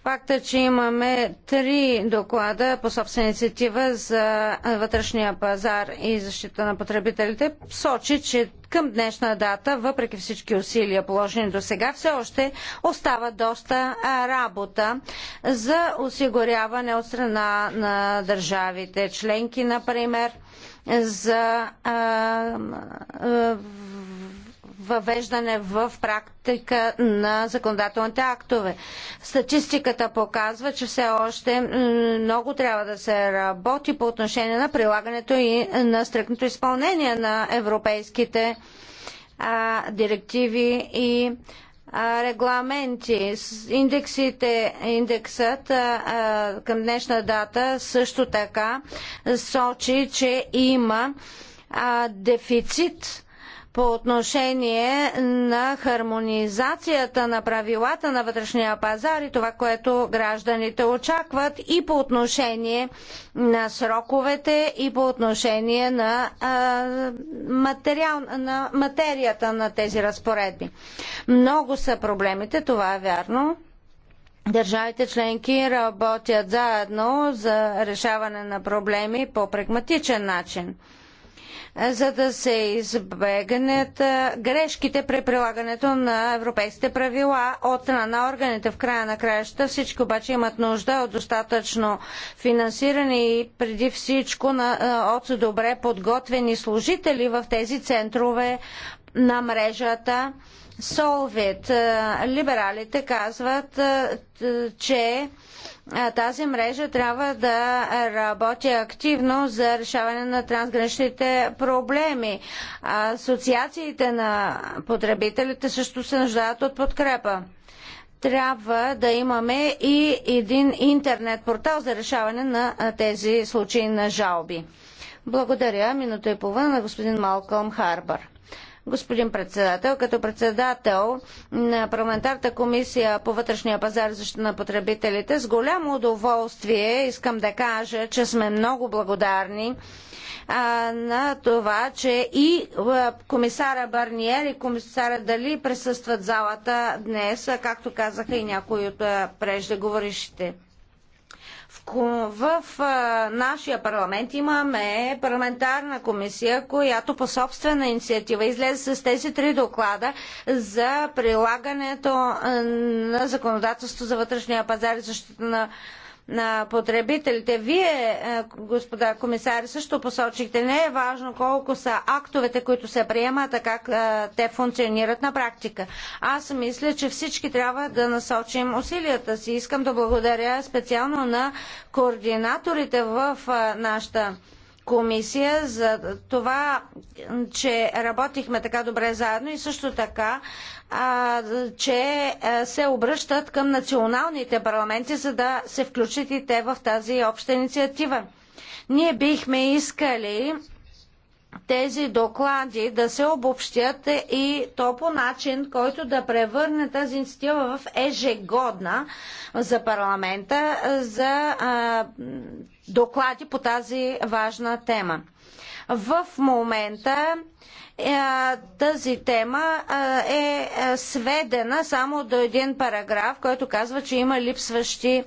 Факта, че имаме три доклада по собствена инициатива за вътрешния пазар и защита на потребителите, сочи, че към днешна дата, въпреки всички усилия положени до сега, все още остава доста работа за осигуряване от страна на държавите членки, например, за а, а, въвеждане в практика на законодателните актове. Статистиката показва, че все още много трябва да се работи по отношение на прилагането и на стрикното изпълнение на европейските а, директиви и регламенти. Индексите, индексът а, към днешна дата също така сочи, че има а, дефицит по отношение на хармонизацията на правилата на вътрешния пазар и това, което гражданите очакват и по отношение на сроковете и по отношение на, а, материал, на материята на тези разпоредби. Много са проблемите, това е вярно. Държавите членки работят заедно за решаване на проблеми по прагматичен начин за да се избегнат грешките при прилагането на европейските правила от страна на органите. В края на краищата всички обаче имат нужда от достатъчно финансиране и преди всичко на, от добре подготвени служители в тези центрове на мрежата. Солвит. Либералите казват, че тази мрежа трябва да работи активно за решаване на трансграничните проблеми. Асоциациите на потребителите също се нуждаят от подкрепа. Трябва да имаме и един интернет портал за решаване на тези случаи на жалби. Благодаря. Минута и половина на господин Малком Харбър господин председател. Като председател на парламентарната комисия по вътрешния пазар защита на потребителите, с голямо удоволствие искам да кажа, че сме много благодарни на това, че и комисара Барниер и комисара Дали присъстват в залата днес, както казаха и някои от преждеговорившите в нашия парламент имаме парламентарна комисия, която по собствена инициатива излезе с тези три доклада за прилагането на законодателство за вътрешния пазар и защита на на потребителите. Вие, е, господа комисари, също посочихте, не е важно колко са актовете, които се приемат, а как е, те функционират на практика. Аз мисля, че всички трябва да насочим усилията си. Искам да благодаря специално на координаторите в е, нашата комисия за това, че работихме така добре заедно и също така, а, че се обръщат към националните парламенти, за да се включат и те в тази обща инициатива. Ние бихме искали тези доклади да се обобщят и то по начин, който да превърне тази инициатива в ежегодна за парламента за а, доклади по тази важна тема. В момента е, тази тема е, е сведена само до един параграф, който казва, че има липсващи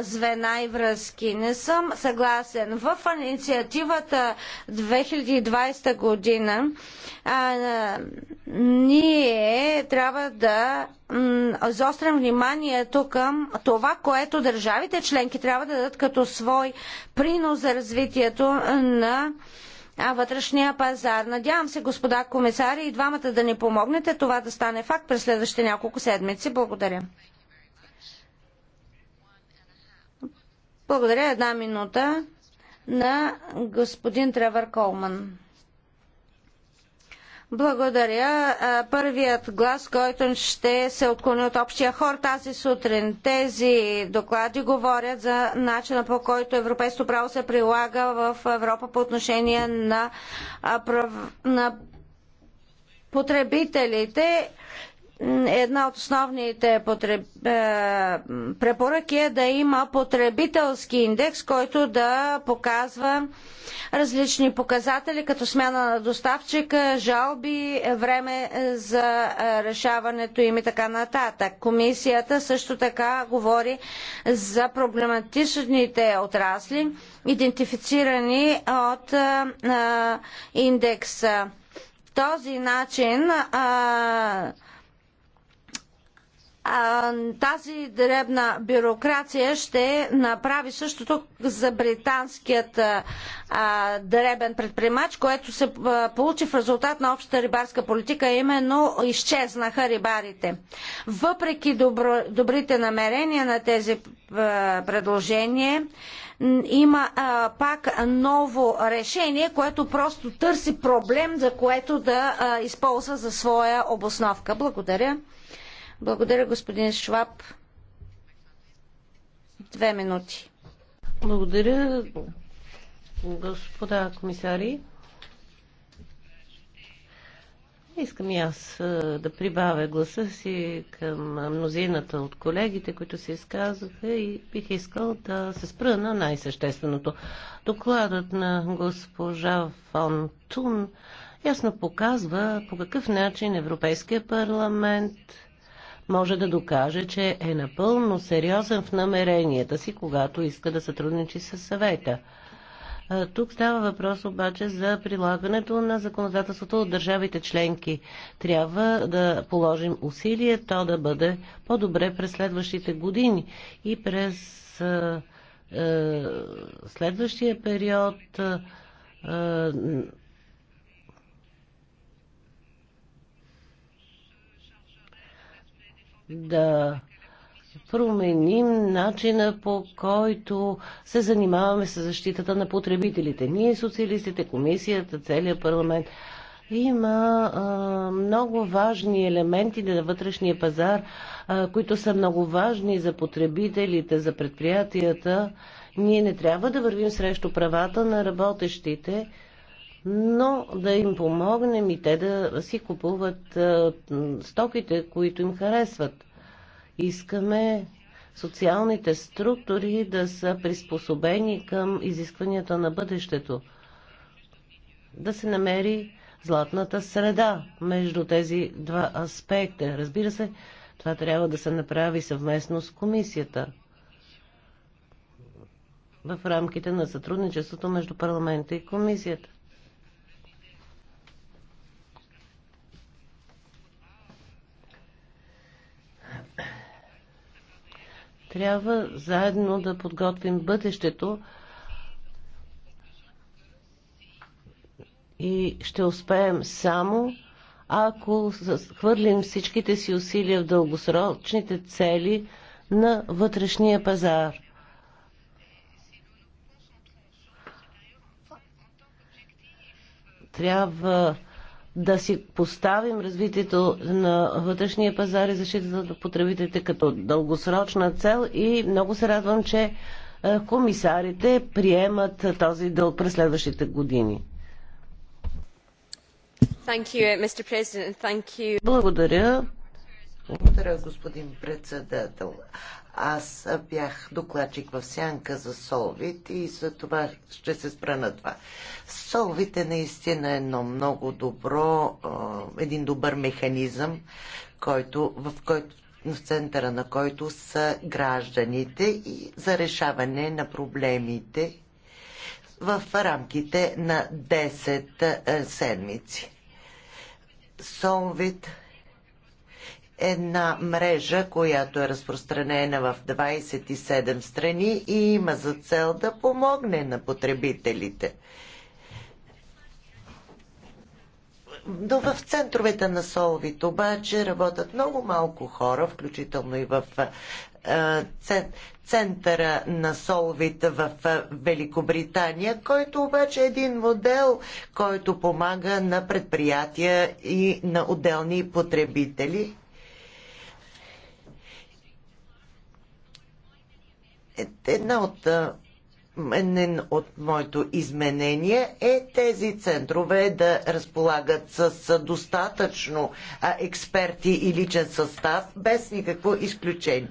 звена и връзки. Не съм съгласен. В инициативата 2020 година ние трябва да заострям вниманието към това, което държавите членки трябва да дадат като свой принос за развитието на вътрешния пазар. Надявам се, господа комисари, и двамата да ни помогнете това да стане факт през следващите няколко седмици. Благодаря. Благодаря. Една минута на господин Тревър Колман. Благодаря. Първият глас, който ще се отклони от общия хор тази сутрин. Тези доклади говорят за начина по който европейското право се прилага в Европа по отношение на, на потребителите една от основните потреб... Е, препоръки е да има потребителски индекс, който да показва различни показатели, като смяна на доставчика, жалби, време за е, решаването им и така нататък. Комисията също така говори за проблематичните отрасли, идентифицирани от е, индекса. Този начин а, тази дребна бюрокрация ще направи същото за британският дребен предприемач, което се получи в резултат на общата рибарска политика, именно изчезнаха рибарите. Въпреки добро, добрите намерения на тези предложения, има а, пак ново решение, което просто търси проблем, за което да а, използва за своя обосновка. Благодаря. Благодаря, господин Шваб. Две минути. Благодаря, господа комисари. Искам и аз да прибавя гласа си към мнозината от колегите, които се изказаха и бих искал да се спра на най-същественото. Докладът на госпожа Фон Тун ясно показва по какъв начин Европейския парламент може да докаже, че е напълно сериозен в намеренията си, когато иска да сътрудничи с съвета. Тук става въпрос обаче за прилагането на законодателството от държавите членки. Трябва да положим усилие то да бъде по-добре през следващите години и през е, следващия период е, да променим начина по който се занимаваме с защитата на потребителите. Ние, социалистите, комисията, целият парламент. Има а, много важни елементи на вътрешния пазар, а, които са много важни за потребителите, за предприятията. Ние не трябва да вървим срещу правата на работещите, но да им помогнем и те да си купуват стоките, които им харесват. Искаме социалните структури да са приспособени към изискванията на бъдещето. Да се намери златната среда между тези два аспекта. Разбира се, това трябва да се направи съвместно с комисията в рамките на сътрудничеството между парламента и комисията. Трябва заедно да подготвим бъдещето и ще успеем само ако хвърлим всичките си усилия в дългосрочните цели на вътрешния пазар. Трябва да си поставим развитието на вътрешния пазар и защитата на потребителите като дългосрочна цел и много се радвам, че е, комисарите приемат този дълг през следващите години. Благодаря. Благодаря, господин председател. Аз бях докладчик в сянка за Солвит и за това ще се спра на това. Солвит е наистина едно много добро, един добър механизъм, който, в който в центъра на който са гражданите и за решаване на проблемите в рамките на 10 седмици. Солвит една мрежа, която е разпространена в 27 страни и има за цел да помогне на потребителите. Но в центровете на Соловит обаче работят много малко хора, включително и в центъра на Солвит в Великобритания, който обаче е един модел, който помага на предприятия и на отделни потребители. Е, една от е, от моето изменение е тези центрове да разполагат с достатъчно експерти и личен състав, без никакво изключение.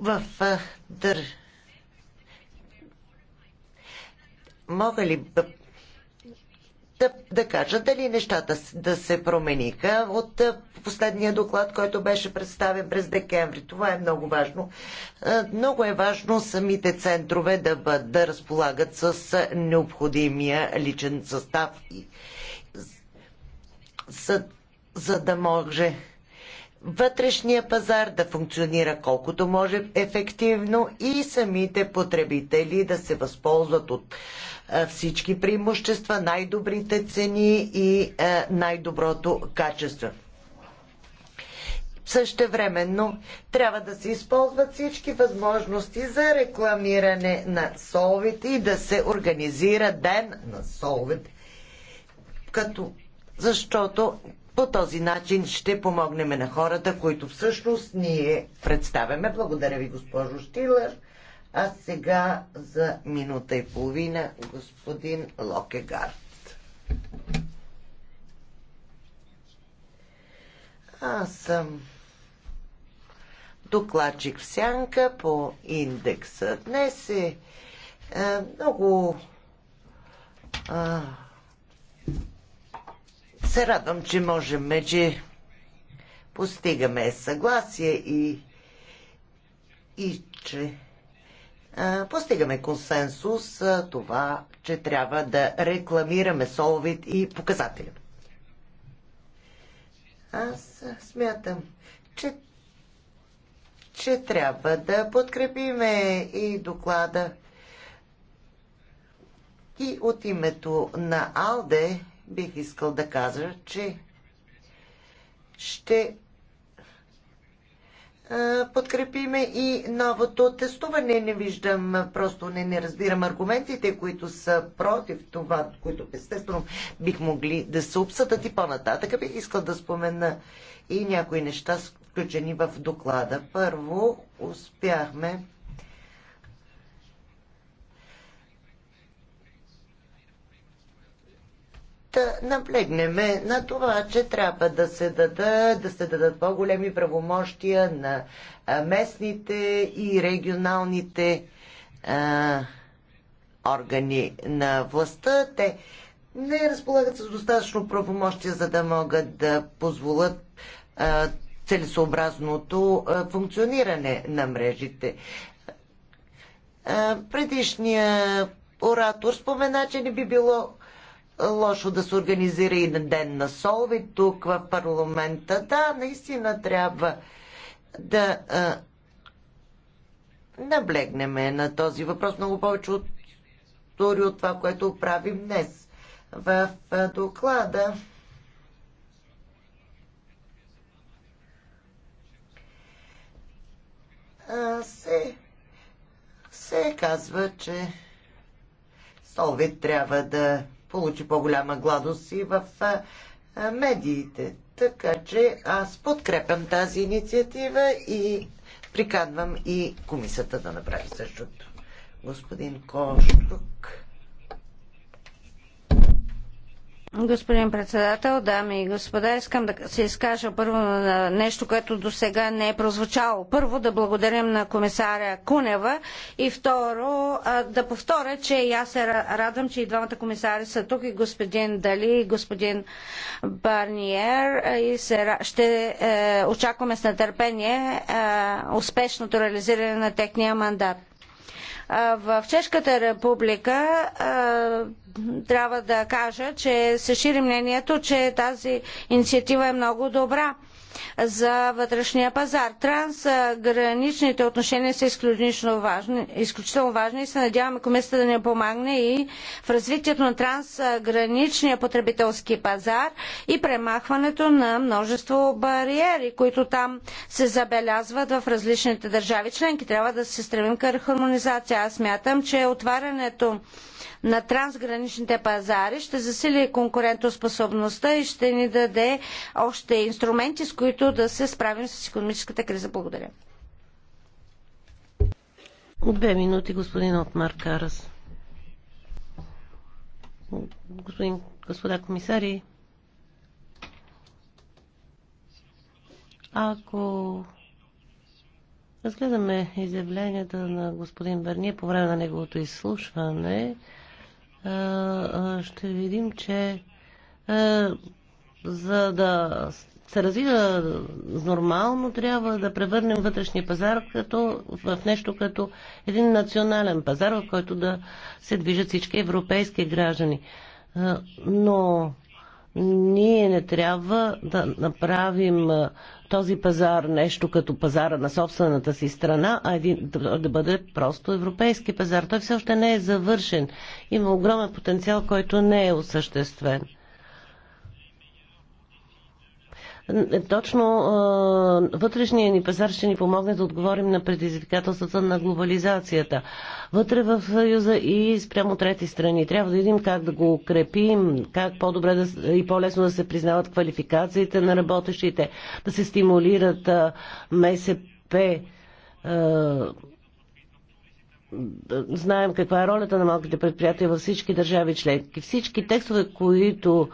В дър... Мога ли да, да кажат дали нещата да се промениха от е, последния доклад, който беше представен през декември. Това е много важно. Е, много е важно самите центрове да, бъд, да разполагат с е, необходимия личен състав, за, за да може вътрешния пазар да функционира колкото може ефективно и самите потребители да се възползват от всички преимущества, най-добрите цени и най-доброто качество. Същевременно трябва да се използват всички възможности за рекламиране на соловете и да се организира ден на соловете. Като защото по този начин ще помогнем на хората, които всъщност ние представяме. Благодаря ви, госпожо Штилер. А сега за минута и половина господин Локегард. Аз съм докладчик в сянка по индекса. Днес е, е много се радвам, че можем, че постигаме съгласие и, и че а, постигаме консенсус а, това, че трябва да рекламираме соловит и показателя. Аз смятам, че, че трябва да подкрепиме и доклада и от името на Алде бих искал да кажа, че ще подкрепиме и новото тестуване. Не виждам, просто не, не разбирам аргументите, които са против това, които естествено бих могли да се обсъдат и по-нататък. Бих искал да спомена и някои неща, включени в доклада. Първо, успяхме да наблегнеме на това, че трябва да се, дада, да се дадат по-големи правомощия на местните и регионалните а, органи на властта. Те не разполагат с достатъчно правомощия, за да могат да позволят а, целесообразното а, функциониране на мрежите. А, предишния оратор спомена, че не би било лошо да се организира и на ден на Солви тук в парламента. Да, наистина трябва да а, наблегнеме на този въпрос много повече от, дори от това, което правим днес. В а, доклада а, се, се казва, че Солвит трябва да получи по-голяма гладост и в медиите. Така че аз подкрепям тази инициатива и приканвам и комисията да направи същото. Господин Кошук. Господин председател, дами и господа, искам да се изкажа първо на нещо, което до сега не е прозвучало. Първо да благодарим на комисаря Кунева и второ да повторя, че и аз се радвам, че и двамата комисари са тук и господин Дали и господин Барниер и се, ще е, очакваме с нетърпение е, успешното реализиране на техния мандат. В Чешката република трябва да кажа, че се шири мнението, че тази инициатива е много добра за вътрешния пазар. Трансграничните отношения са изключително важни, изключително важни и се надяваме комисията да ни помогне и в развитието на трансграничния потребителски пазар и премахването на множество бариери, които там се забелязват в различните държави членки. Трябва да се стремим към хармонизация. Аз мятам, че отварянето на трансграничните пазари, ще засили конкурентоспособността и ще ни даде още инструменти, с които да се справим с економическата криза. Благодаря. Две минути, господин Отмар Карас. Господин, господа комисари, ако разгледаме изявленията на господин Берния по време на неговото изслушване, е, е, ще видим, че е, за да се развива нормално, трябва да превърнем вътрешния пазар като, в нещо като един национален пазар, в който да се движат всички европейски граждани. Но ние не трябва да направим този пазар нещо като пазара на собствената си страна, а един, да бъде просто европейски пазар. Той все още не е завършен. Има огромен потенциал, който не е осъществен. Точно вътрешния ни пазар ще ни помогне да отговорим на предизвикателствата на глобализацията. Вътре в Съюза и спрямо трети страни. Трябва да видим как да го укрепим, как по-добре да, и по-лесно да се признават квалификациите на работещите, да се стимулират МСП знаем каква е ролята на малките предприятия във всички държави членки. Всички текстове, които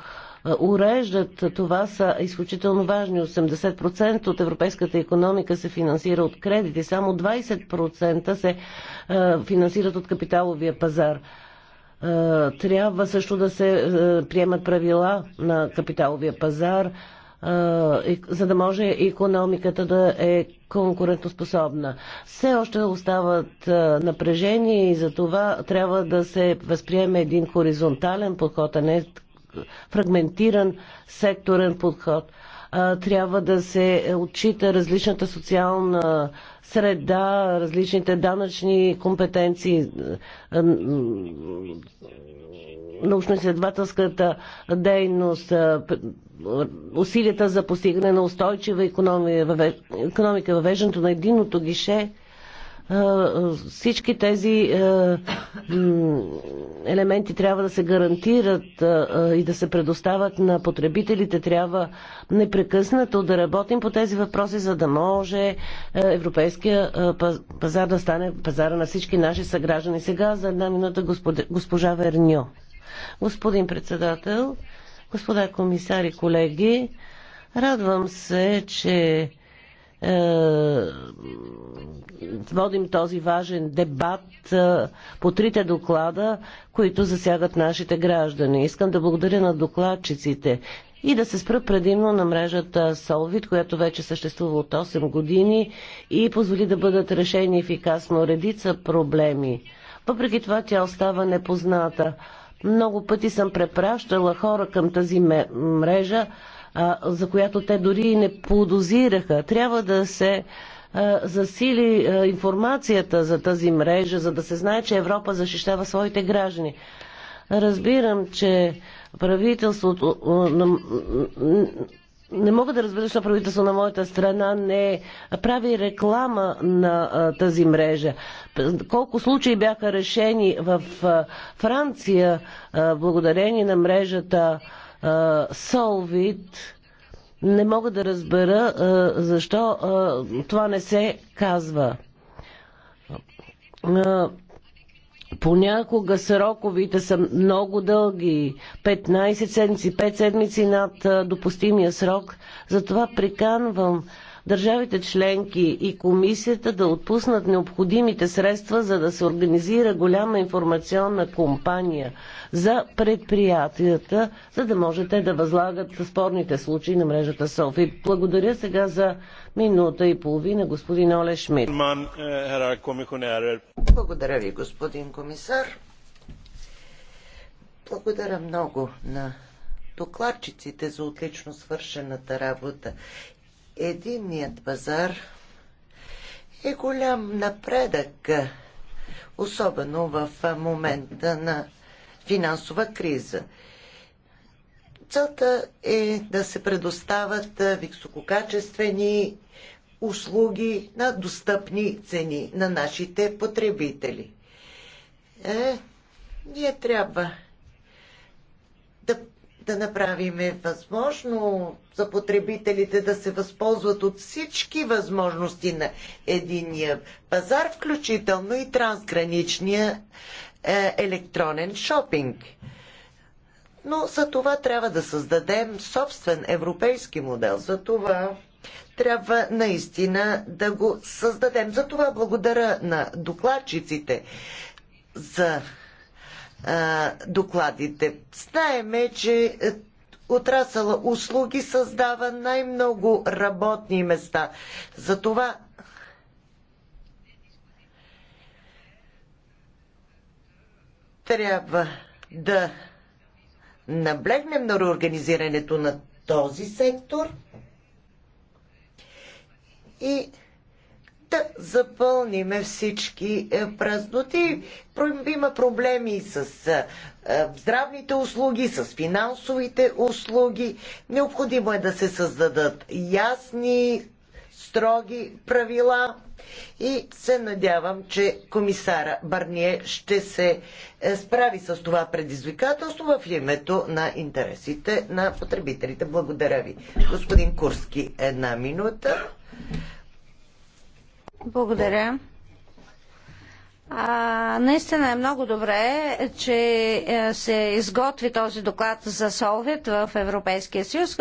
уреждат. Това са изключително важни. 80% от европейската економика се финансира от кредити, само 20% се финансират от капиталовия пазар. Трябва също да се приемат правила на капиталовия пазар, за да може економиката да е конкурентоспособна. Все още остават напрежения и за това трябва да се възприеме един хоризонтален подход, а не фрагментиран секторен подход. Трябва да се отчита различната социална среда, различните данъчни компетенции, научно-изследователската дейност, усилията за постигане на устойчива економика, въвеждането на единното гише – всички тези елементи трябва да се гарантират и да се предоставят на потребителите. Трябва непрекъснато да работим по тези въпроси, за да може европейския пазар да стане пазара на всички наши съграждани. Сега за една минута госпожа Верньо. Господин председател, господа комисари, колеги, радвам се, че водим този важен дебат по трите доклада, които засягат нашите граждани. Искам да благодаря на докладчиците и да се спра предимно на мрежата Solvit, която вече съществува от 8 години и позволи да бъдат решени ефикасно редица проблеми. Въпреки това тя остава непозната. Много пъти съм препращала хора към тази мрежа, за която те дори и не подозираха. Трябва да се засили информацията за тази мрежа, за да се знае, че Европа защищава своите граждани. Разбирам, че правителството не мога да разбера, защо правителство на моята страна не прави реклама на тази мрежа. Колко случаи бяха решени в Франция благодарение на мрежата а, Solvit, не мога да разбера защо това не се казва. Понякога сроковите са много дълги 15 седмици, 5 седмици над допустимия срок. Затова приканвам държавите членки и комисията да отпуснат необходимите средства, за да се организира голяма информационна компания за предприятията, за да можете да възлагат спорните случаи на мрежата Софи. Благодаря сега за минута и половина господин Оле Шмидт. Благодаря ви, господин комисар. Благодаря много на докладчиците за отлично свършената работа. Единният пазар е голям напредък, особено в момента на финансова криза. Целта е да се предоставят висококачествени услуги на достъпни цени на нашите потребители. Е, ние трябва да да направим възможно за потребителите да се възползват от всички възможности на единия пазар, включително и трансграничния е, електронен шопинг. Но за това трябва да създадем собствен европейски модел. За това трябва наистина да го създадем. За това благодаря на докладчиците за а, докладите. Знаеме, че е, отрасъла услуги създава най-много работни места. Затова трябва да наблегнем на реорганизирането на този сектор и да запълниме всички е, празноти. Има проблеми с е, е, здравните услуги, с финансовите услуги. Необходимо е да се създадат ясни, строги правила и се надявам, че комисара Барние ще се справи с това предизвикателство в името на интересите на потребителите. Благодаря ви. Господин Курски, една минута. Благодаря. А, наистина е много добре, че е, се изготви този доклад за Солвет в Европейския съюз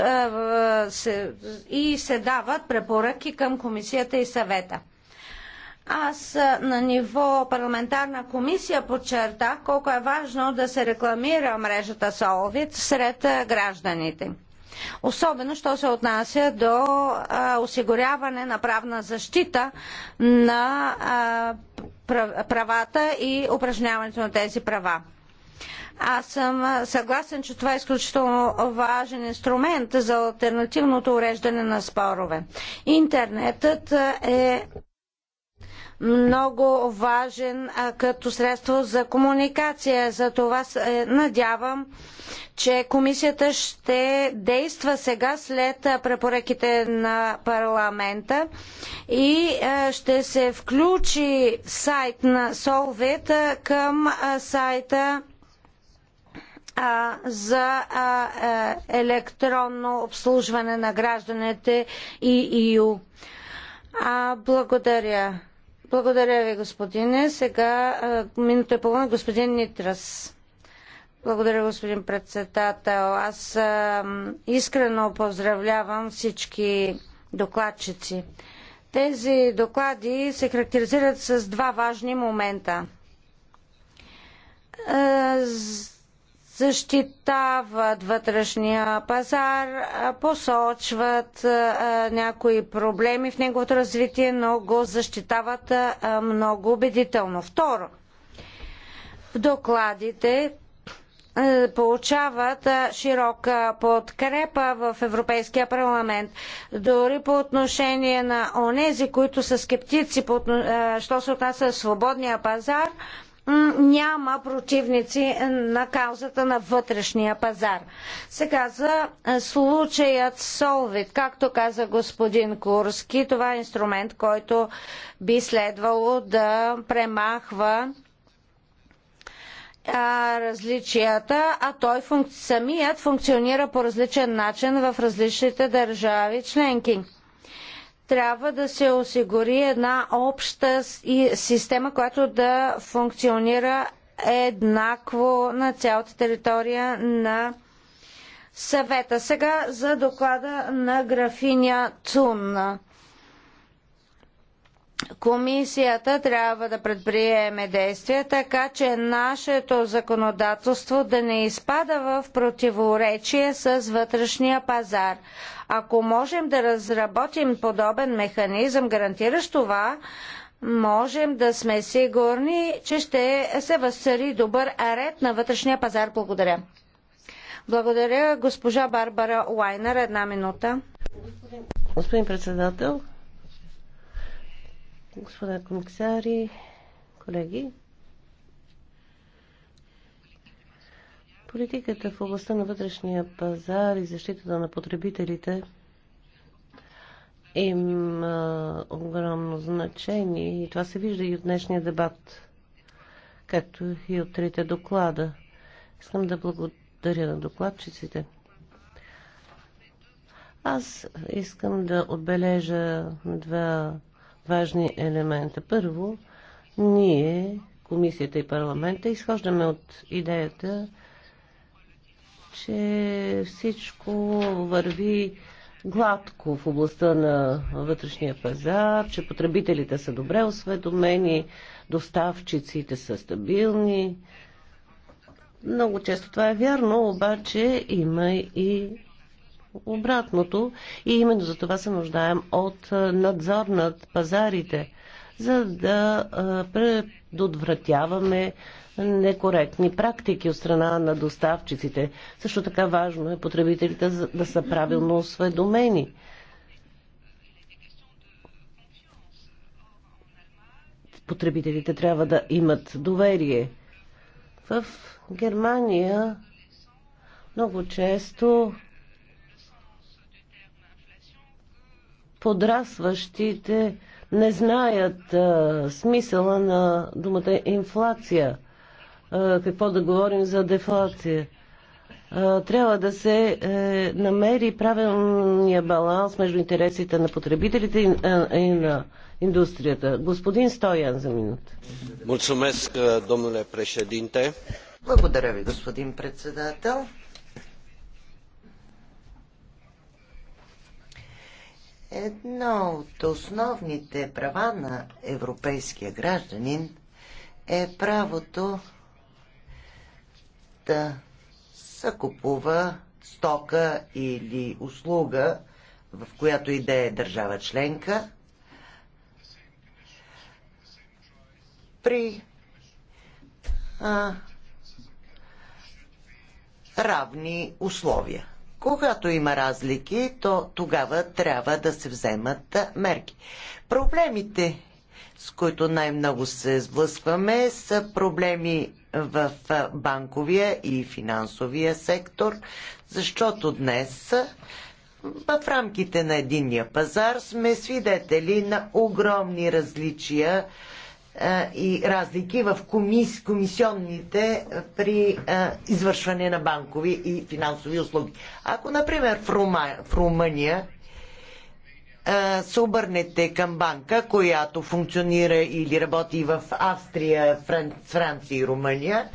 е, и се дават препоръки към комисията и съвета. Аз е, на ниво парламентарна комисия подчертах колко е важно да се рекламира мрежата Солвит сред гражданите. Особено, що се отнася до а, осигуряване на правна защита на а, правата и упражняването на тези права. Аз съм съгласен, че това е изключително важен инструмент за альтернативното уреждане на спорове. Интернетът е много важен като средство за комуникация. За това се надявам, че комисията ще действа сега след препоръките на парламента и ще се включи сайт на Солвет към сайта за електронно обслужване на гражданите и ИУ. благодаря. Благодаря ви, господине. Сега минута е половина господин Нитрас. Благодаря, господин председател. Аз а, искрено поздравлявам всички докладчици. Тези доклади се характеризират с два важни момента. А, защитават вътрешния пазар, посочват някои проблеми в неговото развитие, но го защитават много убедително. Второ, в докладите получават широка подкрепа в Европейския парламент. Дори по отношение на онези, които са скептици, що се отнася свободния пазар, няма противници на каузата на вътрешния пазар. Сега за е, случаят Солвит, както каза господин Курски, това е инструмент, който би следвало да премахва различията, а той функ... самият функционира по различен начин в различните държави членки трябва да се осигури една обща система, която да функционира еднакво на цялата територия на съвета. Сега за доклада на графиня Цун. Комисията трябва да предприеме действия, така че нашето законодателство да не изпада в противоречие с вътрешния пазар. Ако можем да разработим подобен механизъм, гарантиращ това, можем да сме сигурни, че ще се възцари добър ред на вътрешния пазар. Благодаря. Благодаря госпожа Барбара Лайнер. Една минута. Господин председател, господа комисари, колеги. Политиката в областта на вътрешния пазар и защитата на потребителите има огромно значение и това се вижда и от днешния дебат, както и от трите доклада. Искам да благодаря на докладчиците. Аз искам да отбележа два важни елемента. Първо, ние, комисията и парламента, изхождаме от идеята, че всичко върви гладко в областта на вътрешния пазар, че потребителите са добре осведомени, доставчиците са стабилни. Много често това е вярно, обаче има и обратното и именно за това се нуждаем от надзор над пазарите, за да предотвратяваме некоректни практики от страна на доставчиците. Също така важно е потребителите да са правилно осведомени. Потребителите трябва да имат доверие. В Германия много често подрастващите не знаят а, смисъла на думата инфлация. А, какво да говорим за дефлация? А, трябва да се е, намери правилния баланс между интересите на потребителите и, а, и на индустрията. Господин Стоян за минута. Мулцумеск, домнуле președинте. Благодаря ви, господин председател. Едно от основните права на европейския гражданин е правото да закупува стока или услуга, в която и да е държава членка, при а, равни условия. Когато има разлики, то тогава трябва да се вземат мерки. Проблемите, с които най-много се сблъскваме, са проблеми в банковия и финансовия сектор, защото днес в рамките на единния пазар сме свидетели на огромни различия е, и разлики в комис, комисионните е, при а, е, извършване на банкови и финансови услуги. Ако, например, в, Рума, в Румъния а, се обърнете към банка, която функционира или работи в Австрия, Франция и Румъния,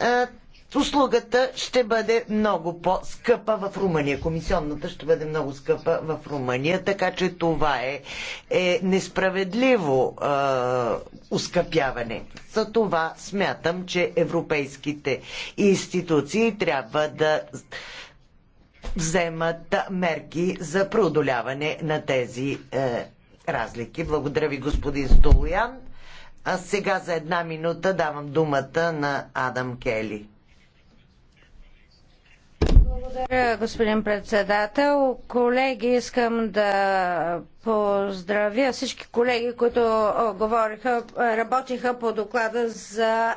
а, услугата ще бъде много по-скъпа в Румъния. Комисионната ще бъде много скъпа в Румъния, така че това е, е несправедливо е, ускъпяване. За това смятам, че европейските институции трябва да вземат мерки за преодоляване на тези е, разлики. Благодаря ви, господин Столоян. А сега за една минута давам думата на Адам Кели. Благодаря, господин председател. Колеги, искам да поздравя всички колеги, които говориха, работиха по доклада за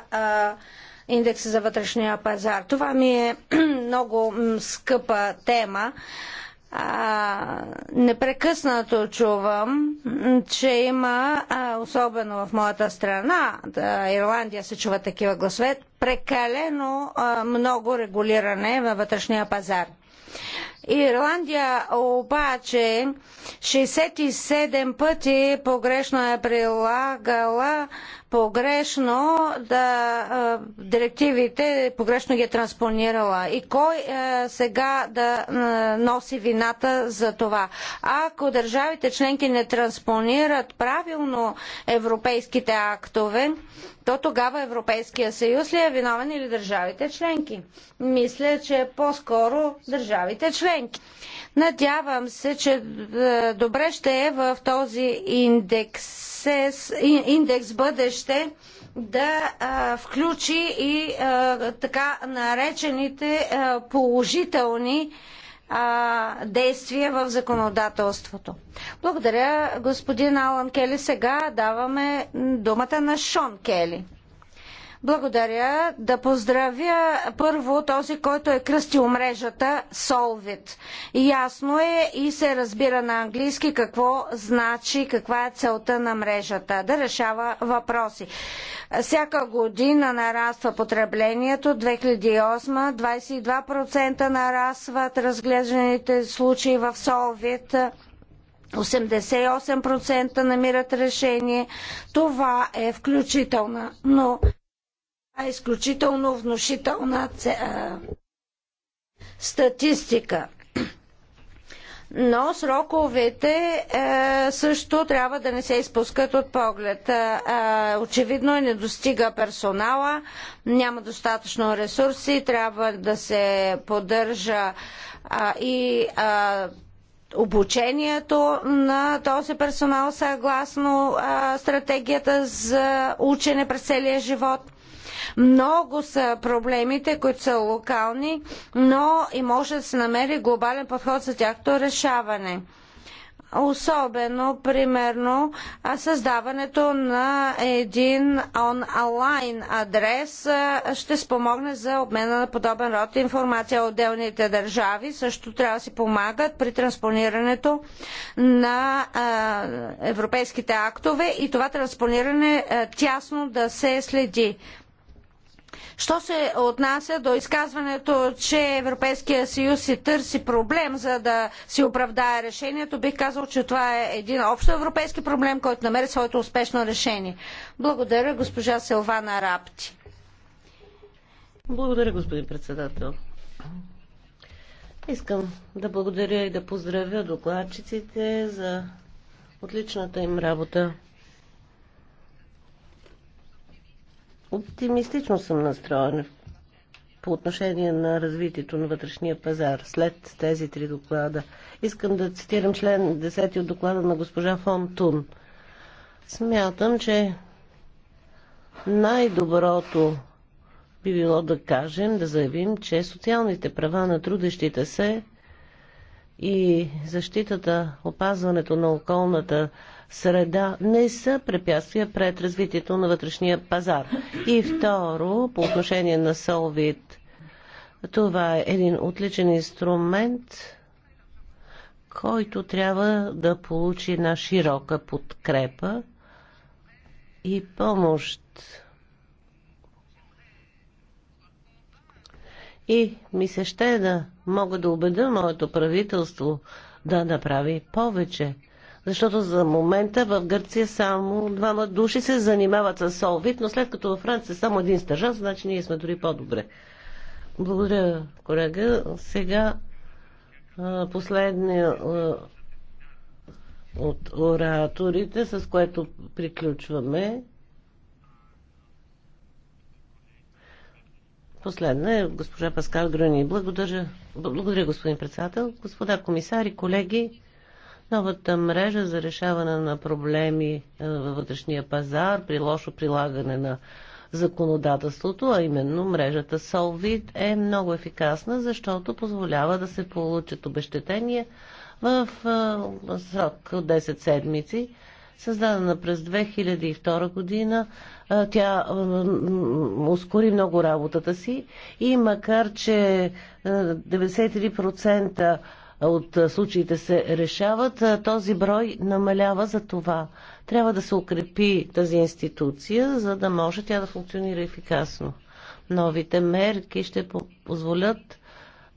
индекса за вътрешния пазар. Това ми е много скъпа тема а, непрекъснато чувам, че има, а, особено в моята страна, да, Ирландия се чува такива гласове, прекалено а, много регулиране във вътрешния пазар. Ирландия обаче 67 пъти погрешно е прилагала погрешно да, директивите, погрешно ги е транспонирала. И кой е, сега да е, носи вината за това? Ако държавите членки не транспонират правилно европейските актове, то тогава Европейския съюз ли е виновен или държавите членки? Мисля, че по-скоро държавите членки. Надявам се, че е, добре ще е в този индекс, индекс бъдеще да а, е, включи и а, е, така наречените а, положителни а, а, действия в законодателството. Благодаря, господин Алан Кели. Сега даваме думата на Шон Кели. Благодаря. Да поздравя първо този, който е кръстил мрежата Solvit. Ясно е и се разбира на английски какво значи, каква е целта на мрежата. Да решава въпроси. Всяка година нараства потреблението. 2008 22% нарастват разглежданите случаи в Solvit. 88% намират решение. Това е включително. Но е изключително внушителна статистика. Но сроковете е, също трябва да не се изпускат от поглед. Е, е очевидно е, не достига персонала, няма достатъчно ресурси, трябва да се поддържа е, и обучението на този персонал съгласно стратегията за учене през целия живот – много са проблемите, които са локални, но и може да се намери глобален подход за тяхто решаване особено примерно създаването на един онлайн адрес ще спомогне за обмена на подобен род информация. Отделните държави също трябва да си помагат при транспонирането на европейските актове и това транспониране тясно да се следи. Що се отнася до изказването, че Европейския съюз си търси проблем, за да си оправдае решението, бих казал, че това е един общо европейски проблем, който намери своето успешно решение. Благодаря, госпожа Силвана Рапти. Благодаря, господин председател. Искам да благодаря и да поздравя докладчиците за отличната им работа. Оптимистично съм настроена по отношение на развитието на вътрешния пазар след тези три доклада. Искам да цитирам член 10 от доклада на госпожа Фон Тун. Смятам, че най-доброто би било да кажем, да заявим, че социалните права на трудещите се и защитата, опазването на околната среда не са препятствия пред развитието на вътрешния пазар. И второ, по отношение на Солвит, това е един отличен инструмент, който трябва да получи една широка подкрепа и помощ. И ми се ще да мога да убеда моето правителство да направи повече. Защото за момента в Гърция само двама души се занимават с солвит, но след като във Франция е само един стържан, значи ние сме дори по-добре. Благодаря, колега. Сега последния от ораторите, с което приключваме. Последна е госпожа Паскал Грани. Благодаря, благодаря господин председател, господа комисари, колеги. Новата мрежа за решаване на проблеми е, във вътрешния пазар при лошо прилагане на законодателството, а именно мрежата Solvit е много ефикасна, защото позволява да се получат обещетения в е, срок от 10 седмици. Създадена през 2002 година, е, тя ускори много работата си и макар, че 93% от случаите се решават, този брой намалява за това. Трябва да се укрепи тази институция, за да може тя да функционира ефикасно. Новите мерки ще позволят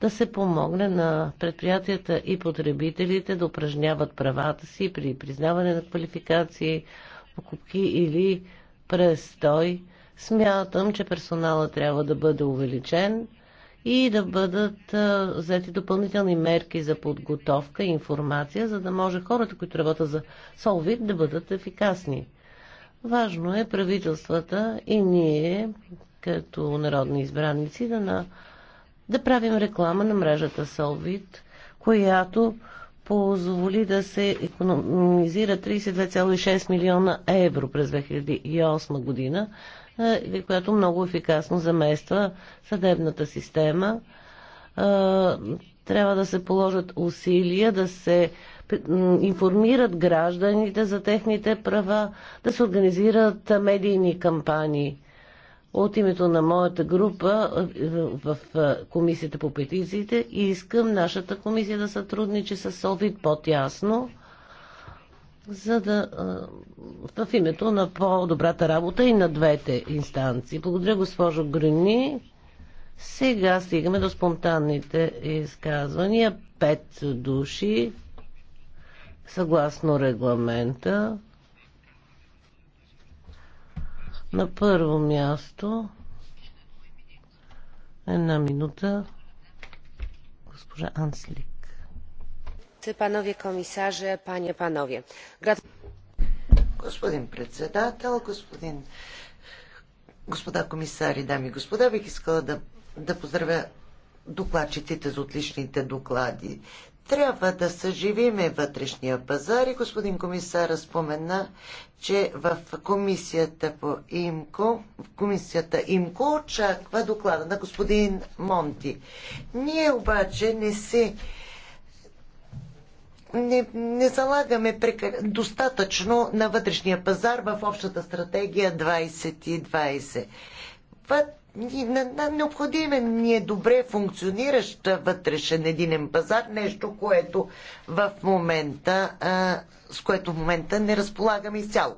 да се помогне на предприятията и потребителите да упражняват правата си при признаване на квалификации, покупки или престой. Смятам, че персонала трябва да бъде увеличен и да бъдат взети допълнителни мерки за подготовка и информация, за да може хората, които работят за Солвит, да бъдат ефикасни. Важно е правителствата и ние, като народни избраници, да, на, да правим реклама на мрежата Solvit, която позволи да се економизира 32,6 милиона евро през 2008 година е, която много ефикасно замества съдебната система. Е, трябва да се положат усилия да се информират гражданите за техните права, да се организират медийни кампании. От името на моята група е, в Комисията по петициите искам нашата комисия да сътрудничи с Овид по-тясно за да в името на по-добрата работа и на двете инстанции. Благодаря, госпожо Грини. Сега стигаме до спонтанните изказвания. Пет души съгласно регламента. На първо място една минута госпожа Анслик. Господин председател, господа комисари, дами и господа, бих искала да, да поздравя докладчиците за отличните доклади. Трябва да съживиме вътрешния пазар и господин комисар спомена, че в комисията по ИМКО, в комисията ИМКО очаква доклада на господин Монти. Ние обаче не се не, не залагаме прекър... достатъчно на вътрешния пазар в общата стратегия 2020. На, на необходим е ни е добре функциониращ вътрешен единен пазар, нещо, което в момента, а, с което в момента не разполагаме изцяло.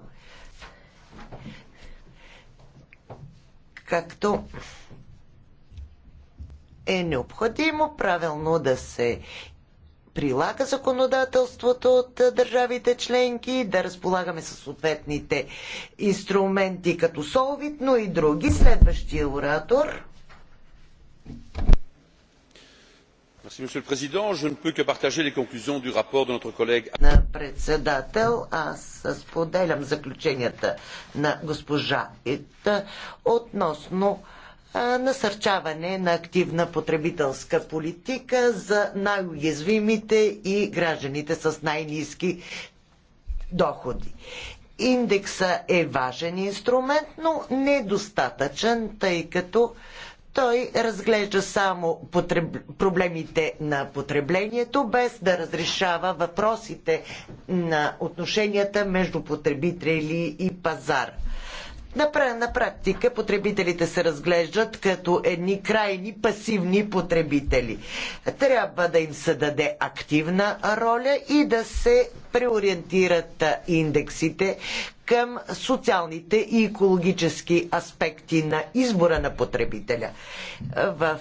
Както е необходимо правилно да се прилага законодателството от държавите членки, да разполагаме с съответните инструменти като Солвит, но и други. Следващия оратор. Merci, Monsieur le Président, je ne peux que partager les conclusions du rapport de notre collègue. На председател, аз споделям заключенията на госпожа Ит относно насърчаване на активна потребителска политика за най-уязвимите и гражданите с най-низки доходи. Индекса е важен инструмент, но недостатъчен, тъй като той разглежда само потреб... проблемите на потреблението, без да разрешава въпросите на отношенията между потребители и пазар. На, практика потребителите се разглеждат като едни крайни пасивни потребители. Трябва да им се даде активна роля и да се преориентират индексите към социалните и екологически аспекти на избора на потребителя. В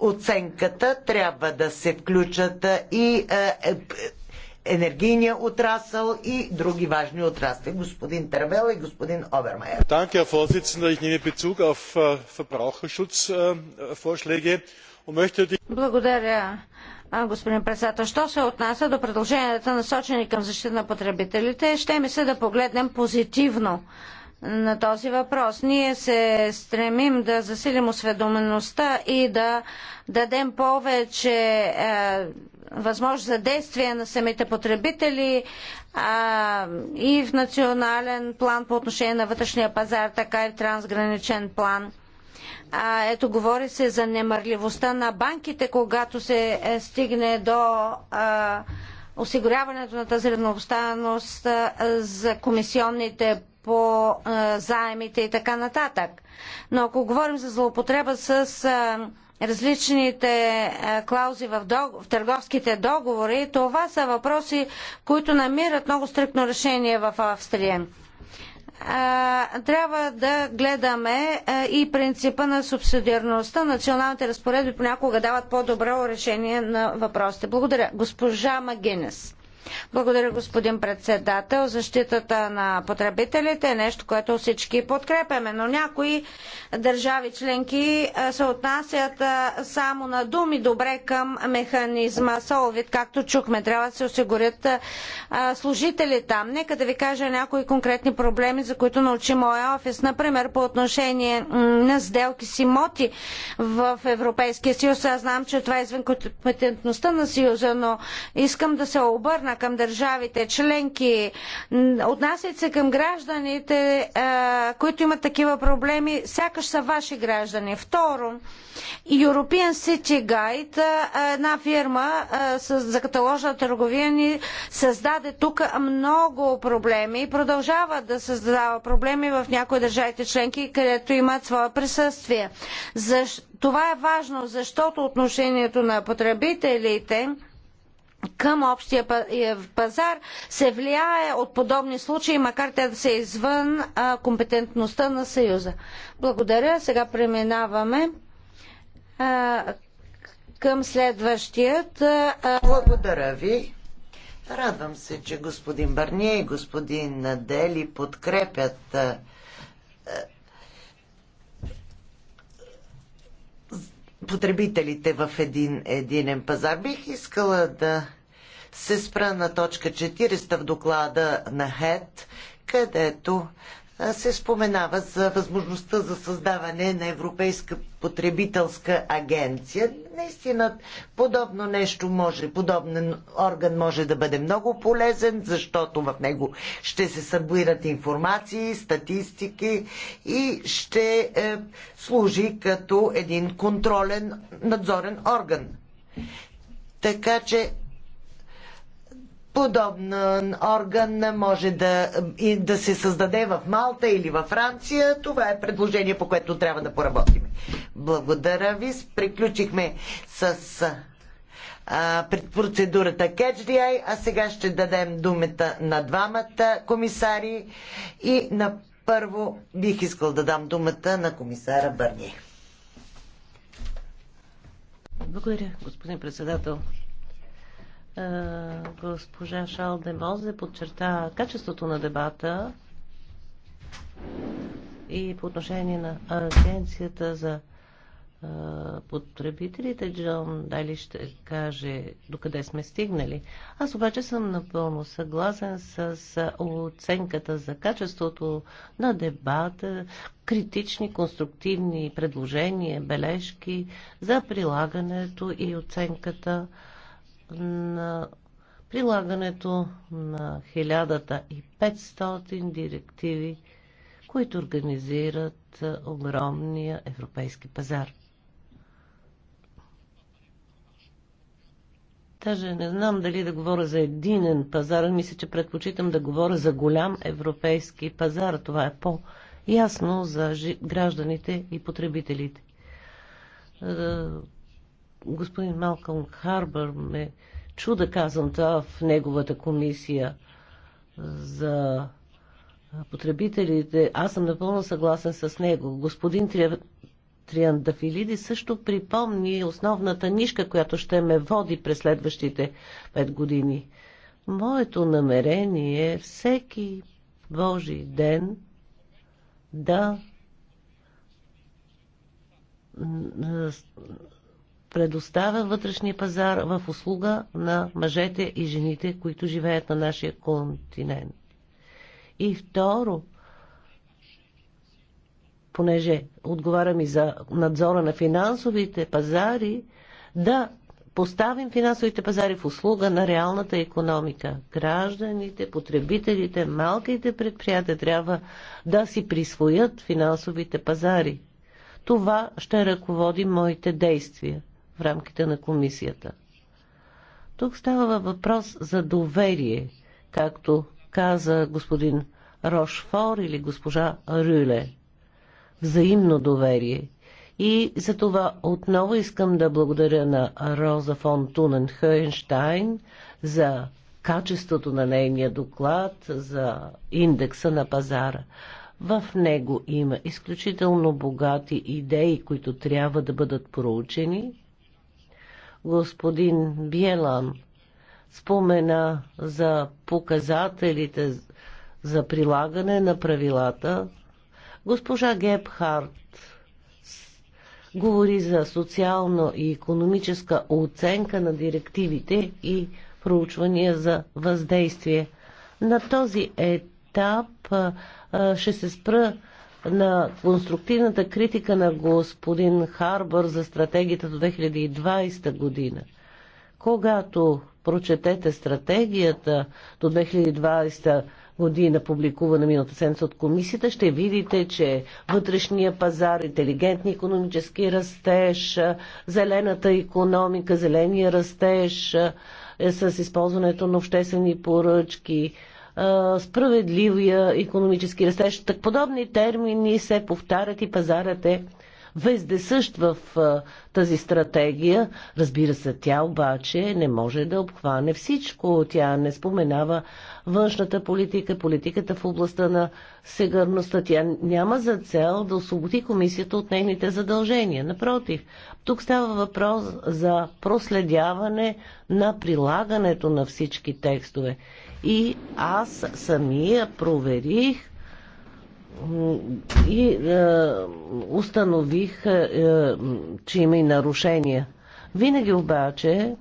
оценката трябва да се включат и е, енергийния отрасъл и други важни отрасли. Господин Тървел и господин Обермайер. Данке, Herr Vorsitzender. Ich nehme Bezug auf äh, Verbraucherschutzvorschläge äh, und möchte die... Благодаря, господин председател. Що се отнася до предложенията насочени към защита на потребителите, ще ми се да погледнем позитивно на този въпрос. Ние се стремим да засилим осведомеността и да дадем повече е, възможност за действие на самите потребители а, и в национален план по отношение на вътрешния пазар, така и в трансграничен план. А, ето, говори се за немърливостта на банките, когато се е, стигне до а, осигуряването на тази равнообстаност за комисионните по а, заемите и така нататък. Но ако говорим за злоупотреба с а, различните е, клаузи в, в търговските договори, това са въпроси, които намират много стрикно решение в Австрия е, трябва да гледаме е, и принципа на субсидиарността. Националните разпоредби понякога дават по-добро решение на въпросите. Благодаря. Госпожа Магинес. Благодаря, господин председател. Защитата на потребителите е нещо, което всички подкрепяме, но някои държави членки се отнасят само на думи добре към механизма Соловит, както чухме. Трябва да се осигурят служители там. Нека да ви кажа някои конкретни проблеми, за които научи моя офис. Например, по отношение на сделки с имоти в Европейския съюз. Аз знам, че това е извън компетентността на Съюза, но искам да се обърна закона към държавите членки, отнасят се към гражданите, които имат такива проблеми, сякаш са ваши граждани. Второ, European City Guide, една фирма за каталожна търговия ни създаде тук много проблеми и продължава да създава проблеми в някои държавите членки, където имат своя присъствие. Защо това е важно, защото отношението на потребителите към общия е, пазар се влияе от подобни случаи, макар те да са извън а, компетентността на Съюза. Благодаря. Сега преминаваме а, към следващият. А... Благодаря ви. Радвам се, че господин Барния и господин Надели подкрепят а, потребителите в един единен пазар. Бих искала да се спра на точка 40 в доклада на ХЕД, където се споменава за възможността за създаване на Европейска потребителска агенция. Наистина, подобно нещо може, подобен орган може да бъде много полезен, защото в него ще се събират информации, статистики и ще е, служи като един контролен надзорен орган. Така че подобен орган може да, и да се създаде в Малта или във Франция. Това е предложение, по което трябва да поработим. Благодаря ви. Приключихме с а, пред процедурата Catch the Eye, а сега ще дадем думата на двамата комисари и на първо бих искал да дам думата на комисара Бърни. Благодаря, господин председател. Е, госпожа Шал Мозе подчерта качеството на дебата и по отношение на агенцията за е, потребителите Джон дали ще каже докъде сме стигнали. Аз обаче съм напълно съгласен с оценката за качеството на дебата, критични, конструктивни предложения, бележки за прилагането и оценката на прилагането на 1500 директиви, които организират огромния европейски пазар. Даже не знам дали да говоря за единен пазар, мисля, че предпочитам да говоря за голям европейски пазар. Това е по-ясно за гражданите и потребителите господин Малкъм Харбър ме чуда казвам това в неговата комисия за потребителите. Аз съм напълно съгласен с него. Господин Три... Триандафилиди също припомни основната нишка, която ще ме води през следващите пет години. Моето намерение е всеки Божи ден да предоставя вътрешния пазар в услуга на мъжете и жените, които живеят на нашия континент. И второ, понеже отговарям и за надзора на финансовите пазари, да поставим финансовите пазари в услуга на реалната економика. Гражданите, потребителите, малките предприятия трябва да си присвоят финансовите пазари. Това ще ръководи моите действия в рамките на комисията. Тук става въпрос за доверие, както каза господин Рошфор или госпожа Рюле. Взаимно доверие. И за това отново искам да благодаря на Роза фон Тунен Хойнштайн за качеството на нейния доклад, за индекса на пазара. В него има изключително богати идеи, които трябва да бъдат проучени Господин Биелан спомена за показателите за прилагане на правилата. Госпожа Гебхарт говори за социално и економическа оценка на директивите и проучвания за въздействие. На този етап ще се спра на конструктивната критика на господин Харбър за стратегията до 2020 година. Когато прочетете стратегията до 2020 година, публикувана миналата седмица от комисията, ще видите, че вътрешния пазар, интелигентни економически растеж, зелената економика, зеления растеж е, с използването на обществени поръчки, справедливия економически растеж. Так подобни термини се повтарят и пазарът е вездесъщ в тази стратегия. Разбира се, тя обаче не може да обхване всичко. Тя не споменава външната политика, политиката в областта на сегърността. Тя няма за цел да освободи комисията от нейните задължения. Напротив, тук става въпрос за проследяване на прилагането на всички текстове. И аз самия проверих и е, установих, е, че има и нарушения. Винаги обаче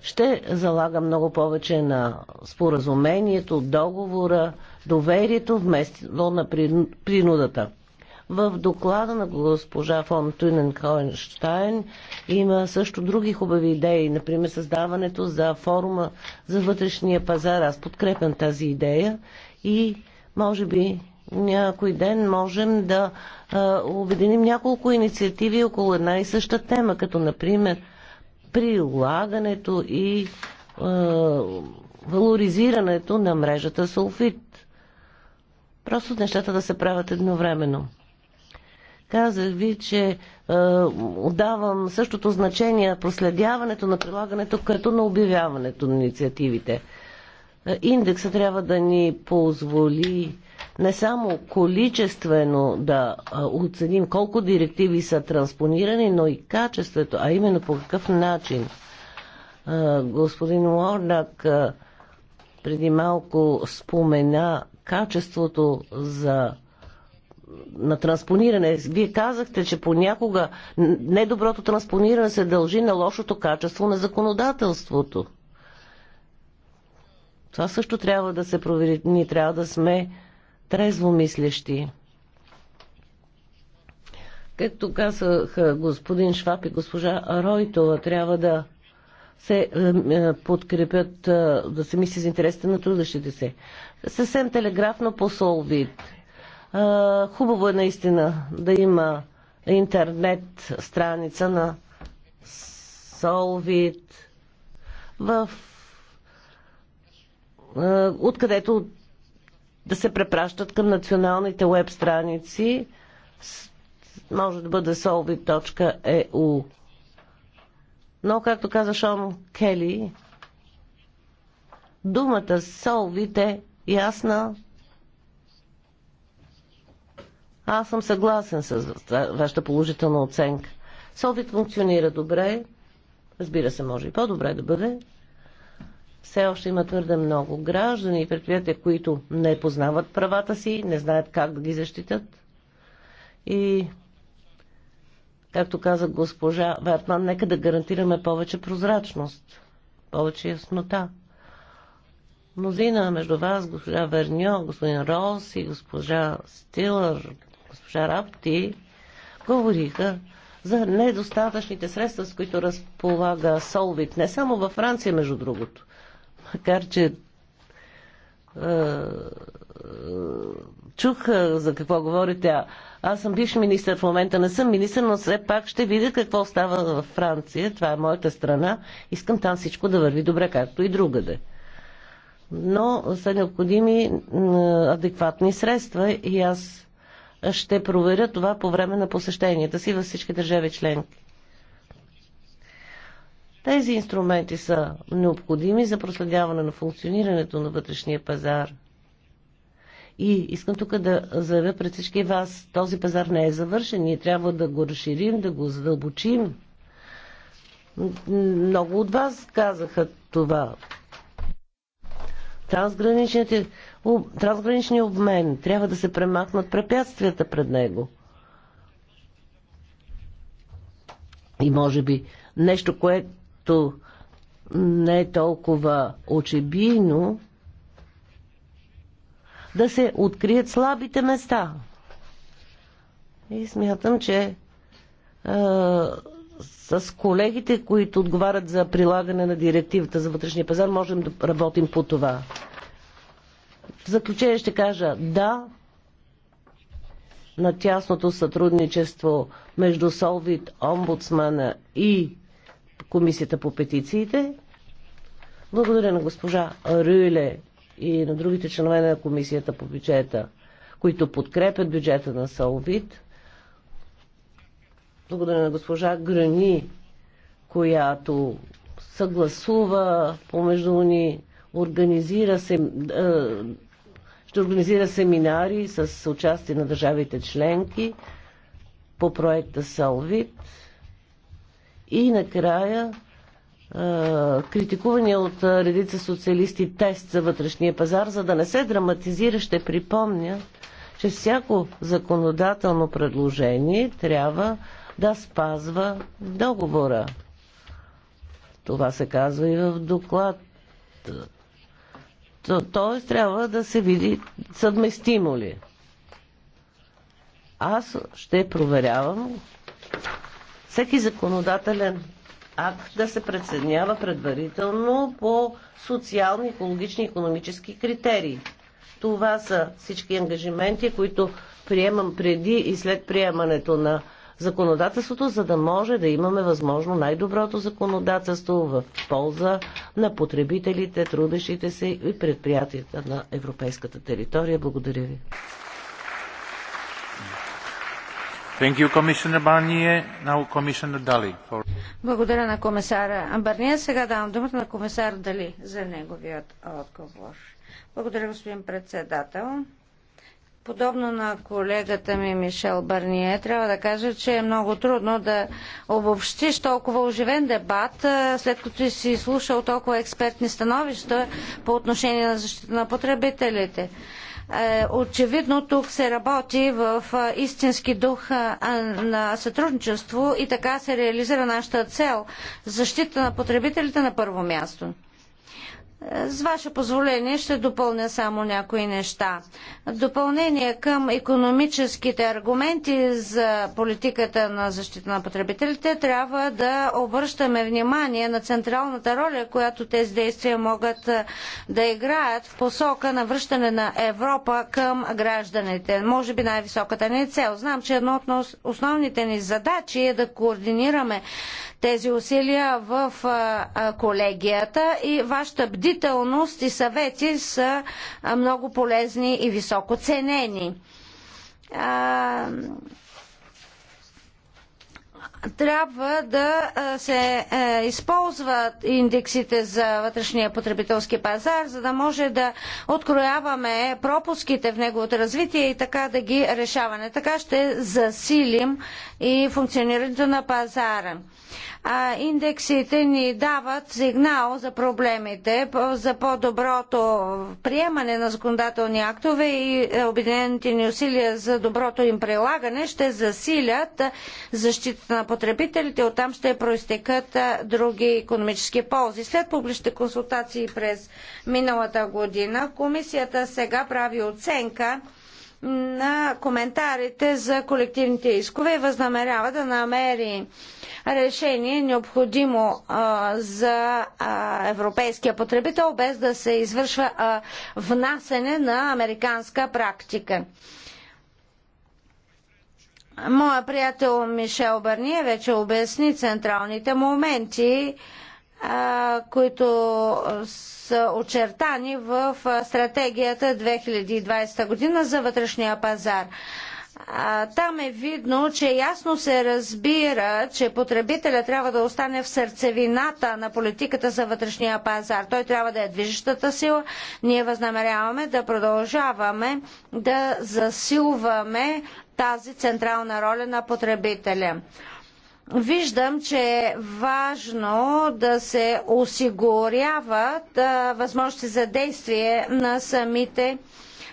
ще залага много повече на споразумението, договора, доверието вместо на принудата. В доклада на госпожа фон Туйнен Хоенштайн има също други хубави идеи, например създаването за форума за вътрешния пазар. Аз подкрепям тази идея и може би някой ден можем да а, обединим няколко инициативи около една и съща тема, като например прилагането и а, валоризирането на мрежата Сулфит. Просто нещата да се правят едновременно. Казах ви, че е, отдавам същото значение на проследяването на прилагането, като на обявяването на инициативите. Индекса трябва да ни позволи не само количествено да оценим колко директиви са транспонирани, но и качеството, а именно по какъв начин. Господин Лордак преди малко спомена качеството за на транспониране. Вие казахте, че понякога недоброто транспониране се дължи на лошото качество на законодателството. Това също трябва да се провери. Ние трябва да сме трезво мислещи. Както казаха господин Шваб и госпожа Ройтова, трябва да се е, е, подкрепят, е, да се мисли за интересите на трудещите се. Съвсем телеграфно посол вид. Хубаво е наистина да има интернет страница на Solvit, в... откъдето да се препращат към националните веб страници. Може да бъде solvit.eu. Но, както каза Шон Кели, думата Solvit е ясна, аз съм съгласен с вашата положителна оценка. Совет функционира добре. Разбира се, може и по-добре да бъде. Все още има твърде много граждани и предприятия, които не познават правата си, не знаят как да ги защитат. И, както каза госпожа Вертман, нека да гарантираме повече прозрачност, повече яснота. Мнозина между вас, госпожа Верньо, господин Рос и госпожа Стилър, госпожа Рапти говориха за недостатъчните средства, с които разполага Солвит. Не само във Франция, между другото. Макар, че е, е, чух за какво говорите. А, аз съм бивш министър в момента, не съм министър, но все пак ще видя какво става във Франция. Това е моята страна. Искам там всичко да върви добре, както и другаде. Но са необходими е, адекватни средства и аз ще проверя това по време на посещенията си във всички държави членки. Тези инструменти са необходими за проследяване на функционирането на вътрешния пазар. И искам тук да заявя пред всички вас, този пазар не е завършен, ние трябва да го разширим, да го задълбочим. Много от вас казаха това трансграничния обмен. Трябва да се премахнат препятствията пред него. И може би нещо, което не е толкова очебийно, да се открият слабите места. И смятам, че е, с колегите, които отговарят за прилагане на директивата за вътрешния пазар, можем да работим по това. В заключение ще кажа да на тясното сътрудничество между Солвит, омбудсмана и Комисията по петициите. Благодаря на госпожа Рюле и на другите членове на Комисията по бюджета, които подкрепят бюджета на Солвит – благодаря на госпожа Грани, която съгласува помежду ни, организира се, ще организира семинари с участие на държавите членки по проекта Салвит. И накрая критикувания от редица социалисти тест за вътрешния пазар, за да не се драматизира, ще припомня, че всяко законодателно предложение трябва да спазва договора. Това се казва и в доклад. Тоест трябва да се види съвместимо ли. Аз ще проверявам всеки законодателен акт да се преценява предварително по социални, екологични и економически критерии. Това са всички ангажименти, които приемам преди и след приемането на законодателството, за да може да имаме възможно най-доброто законодателство в полза на потребителите, трудещите се и предприятията на европейската територия. Благодаря ви. Благодаря на комисара Барния. Сега давам думата на комисар Дали за неговият отговор. Благодаря, господин председател. Подобно на колегата ми Мишел Барние, трябва да кажа, че е много трудно да обобщиш толкова оживен дебат, след като си слушал толкова експертни становища по отношение на защита на потребителите. Е, очевидно тук се работи в истински дух на сътрудничество и така се реализира нашата цел защита на потребителите на първо място. С ваше позволение ще допълня само някои неща. Допълнение към економическите аргументи за политиката на защита на потребителите трябва да обръщаме внимание на централната роля, която тези действия могат да играят в посока на връщане на Европа към гражданите. Може би най-високата ни е цел. Знам, че едно от основните ни задачи е да координираме тези усилия в колегията и вашата бдителност и съвети са много полезни и високо ценени трябва да се използват индексите за вътрешния потребителски пазар, за да може да открояваме пропуските в неговото развитие и така да ги решаваме. Така ще засилим и функционирането на пазара индексите ни дават сигнал за проблемите, за по-доброто приемане на законодателни актове и е, обединените ни усилия за доброто им прилагане ще засилят е, защита на потребителите, оттам ще проистекат е, други економически ползи. След публичните консултации през миналата година, комисията сега прави оценка на коментарите за колективните искове и възнамерява да намери решение необходимо а, за а, европейския потребител, без да се извършва а, внасене на американска практика. Моя приятел Мишел Бърние вече обясни централните моменти които са очертани в стратегията 2020 година за вътрешния пазар. Там е видно, че ясно се разбира, че потребителя трябва да остане в сърцевината на политиката за вътрешния пазар. Той трябва да е движещата сила. Ние възнамеряваме да продължаваме да засилваме тази централна роля на потребителя. Виждам, че е важно да се осигуряват възможности за действие на самите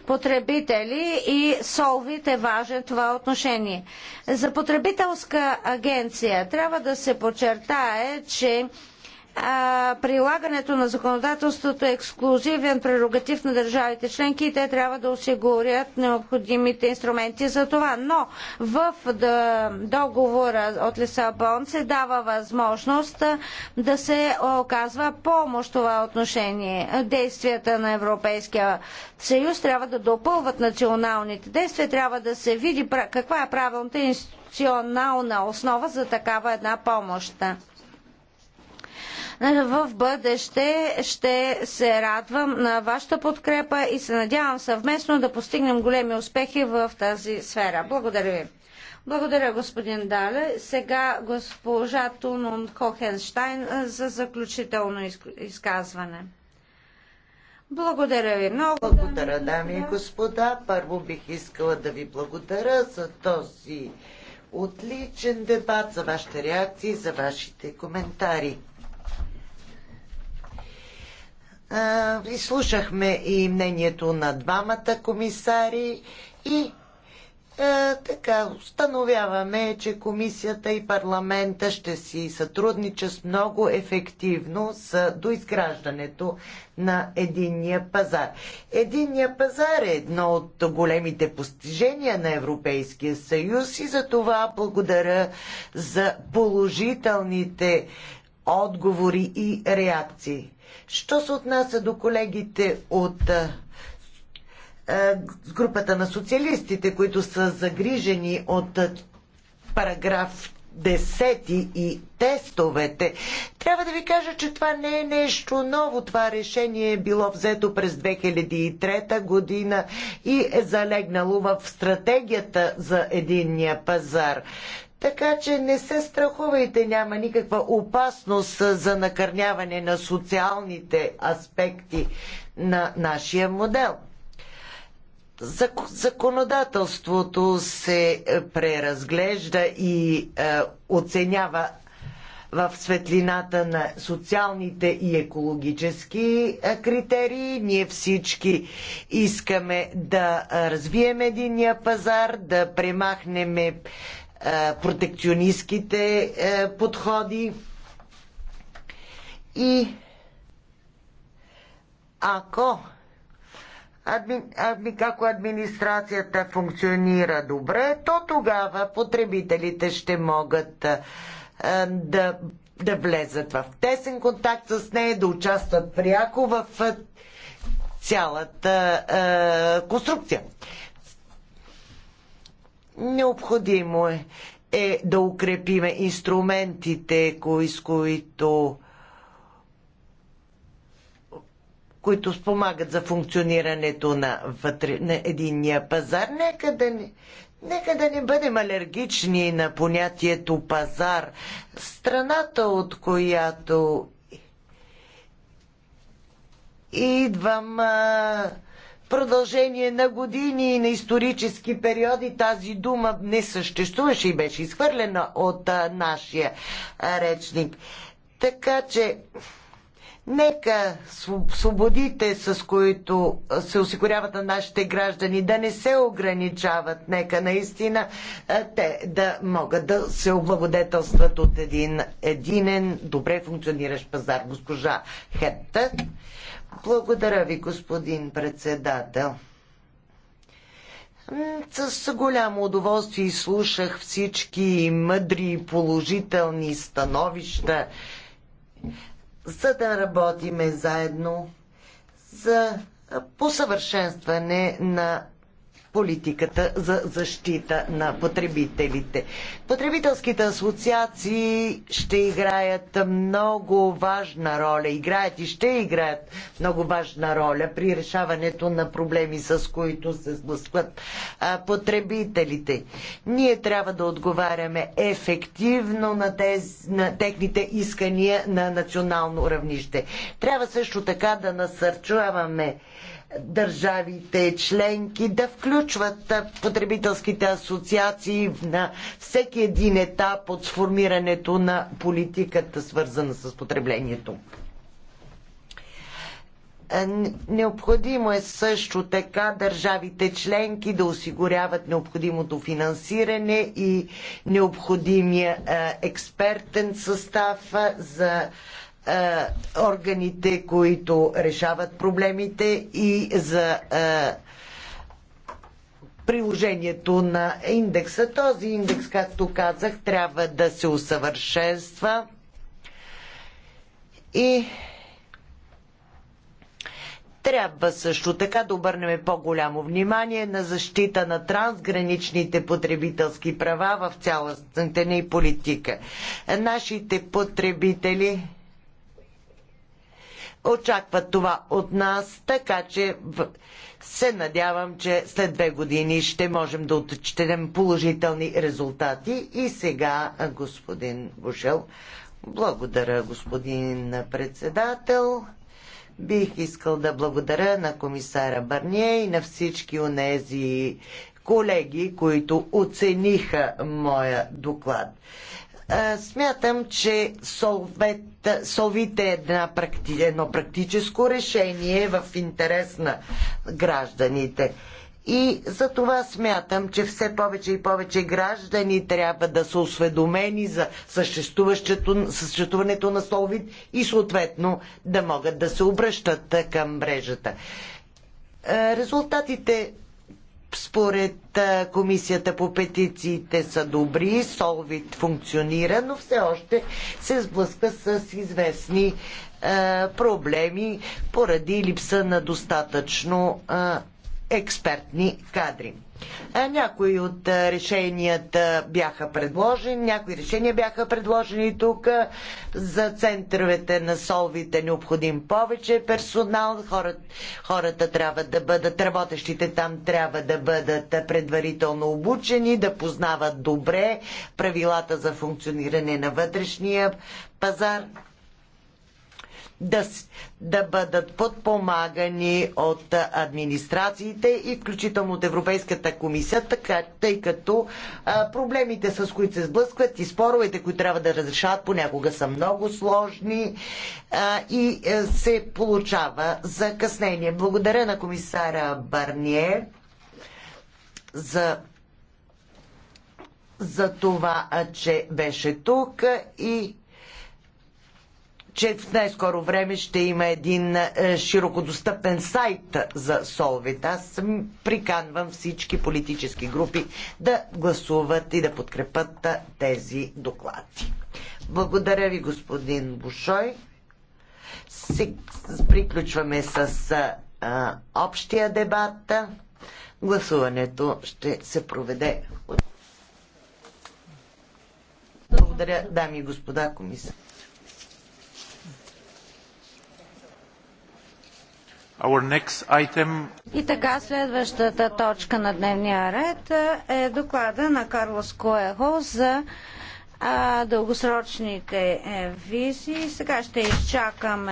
потребители и Солвит е важен това отношение. За потребителска агенция трябва да се подчертае, че а, прилагането на законодателството е ексклюзивен прерогатив на държавите членки и те трябва да осигурят необходимите инструменти за това. Но в договора от Лисабон се дава възможност да се оказва помощ в това отношение. Действията на Европейския съюз трябва да допълват националните действия, трябва да се види каква е правилната институционална основа за такава една помощ в бъдеще ще се радвам на вашата подкрепа и се надявам съвместно да постигнем големи успехи в тази сфера. Благодаря ви. Благодаря, господин Дале. Сега госпожа Тунун Хохенштайн за заключително изказване. Благодаря ви много. Благодаря, дами и господа. Първо бих искала да ви благодаря за този отличен дебат, за вашите реакции, за вашите коментари изслушахме и мнението на двамата комисари и така, установяваме, че комисията и парламента ще си сътрудничат много ефективно с доизграждането на единния пазар. Единния пазар е едно от големите постижения на Европейския съюз и за това благодаря за положителните отговори и реакции. Що се отнася до колегите от а, групата на социалистите, които са загрижени от параграф 10 и тестовете, трябва да ви кажа, че това не е нещо ново. Това решение е било взето през 2003 година и е залегнало в стратегията за единния пазар. Така че не се страхувайте, няма никаква опасност за накърняване на социалните аспекти на нашия модел. Законодателството се е, преразглежда и е, оценява в светлината на социалните и екологически е, критерии. Ние всички искаме да развием единния пазар, да премахнем протекционистските подходи и ако адми, ако администрацията функционира добре, то тогава потребителите ще могат да, да влезат в тесен контакт с нея, да участват пряко в цялата конструкция. Необходимо е, е да укрепиме инструментите, кои, с които които спомагат за функционирането на, вътре, на единния пазар. Нека да, не, нека да не бъдем алергични на понятието пазар. Страната, от която идвам. А продължение на години и на исторически периоди тази дума не съществуваше и беше изхвърлена от а, нашия речник. Така че, нека свободите, с които се осигуряват на нашите граждани, да не се ограничават. Нека наистина те да могат да се облагодетелстват от един единен, добре функциониращ пазар. Госпожа Хетта. Благодаря ви, господин председател. С голямо удоволствие слушах всички мъдри и положителни становища, за да работиме заедно за посъвършенстване на политиката за защита на потребителите. Потребителските асоциации ще играят много важна роля, играят и ще играят много важна роля при решаването на проблеми, с които се сблъскват потребителите. Ние трябва да отговаряме ефективно на, тези, на техните искания на национално равнище. Трябва също така да насърчуваме държавите членки да включват потребителските асоциации на всеки един етап от сформирането на политиката, свързана с потреблението. Необходимо е също така държавите членки да осигуряват необходимото финансиране и необходимия е, експертен състав е, за е, органите, които решават проблемите и за е, приложението на индекса. Този индекс, както казах, трябва да се усъвършенства и трябва също така да обърнем по-голямо внимание на защита на трансграничните потребителски права в цялостната ни политика. Нашите потребители очакват това от нас, така че се надявам, че след две години ще можем да отчетем положителни резултати. И сега, господин Бушел, благодаря, господин председател. Бих искал да благодаря на комисара Барние и на всички онези колеги, които оцениха моя доклад смятам, че Солвет, Солвит е една, едно практическо решение в интерес на гражданите. И за това смятам, че все повече и повече граждани трябва да са осведомени за съществуването на Солвит и съответно да могат да се обръщат към мрежата. Резултатите според комисията по петициите са добри, Солвит функционира, но все още се сблъска с известни проблеми поради липса на достатъчно експертни кадри. Е, някои от е, решенията бяха предложени, някои решения бяха предложени тук. За центровете на солвите е необходим повече персонал. Хората, хората трябва да бъдат, работещите там трябва да бъдат предварително обучени, да познават добре правилата за функциониране на вътрешния пазар да, да бъдат подпомагани от администрациите и включително от Европейската комисия, така, тъй като а, проблемите с които се сблъскват и споровете, които трябва да разрешават, понякога са много сложни а, и а, е, се получава закъснение. Благодаря на комисара Барние за за това, че беше тук и че в най-скоро време ще има един е, широкодостъпен сайт за Солвит. Аз приканвам всички политически групи да гласуват и да подкрепат е, тези доклади. Благодаря ви, господин Бушой. приключваме с а, е, общия дебат. Гласуването ще се проведе. Благодаря, дами и господа комисар. И така следващата точка на дневния ред е доклада на Карлос Коехо за а, дългосрочните е, визи. Сега ще изчакаме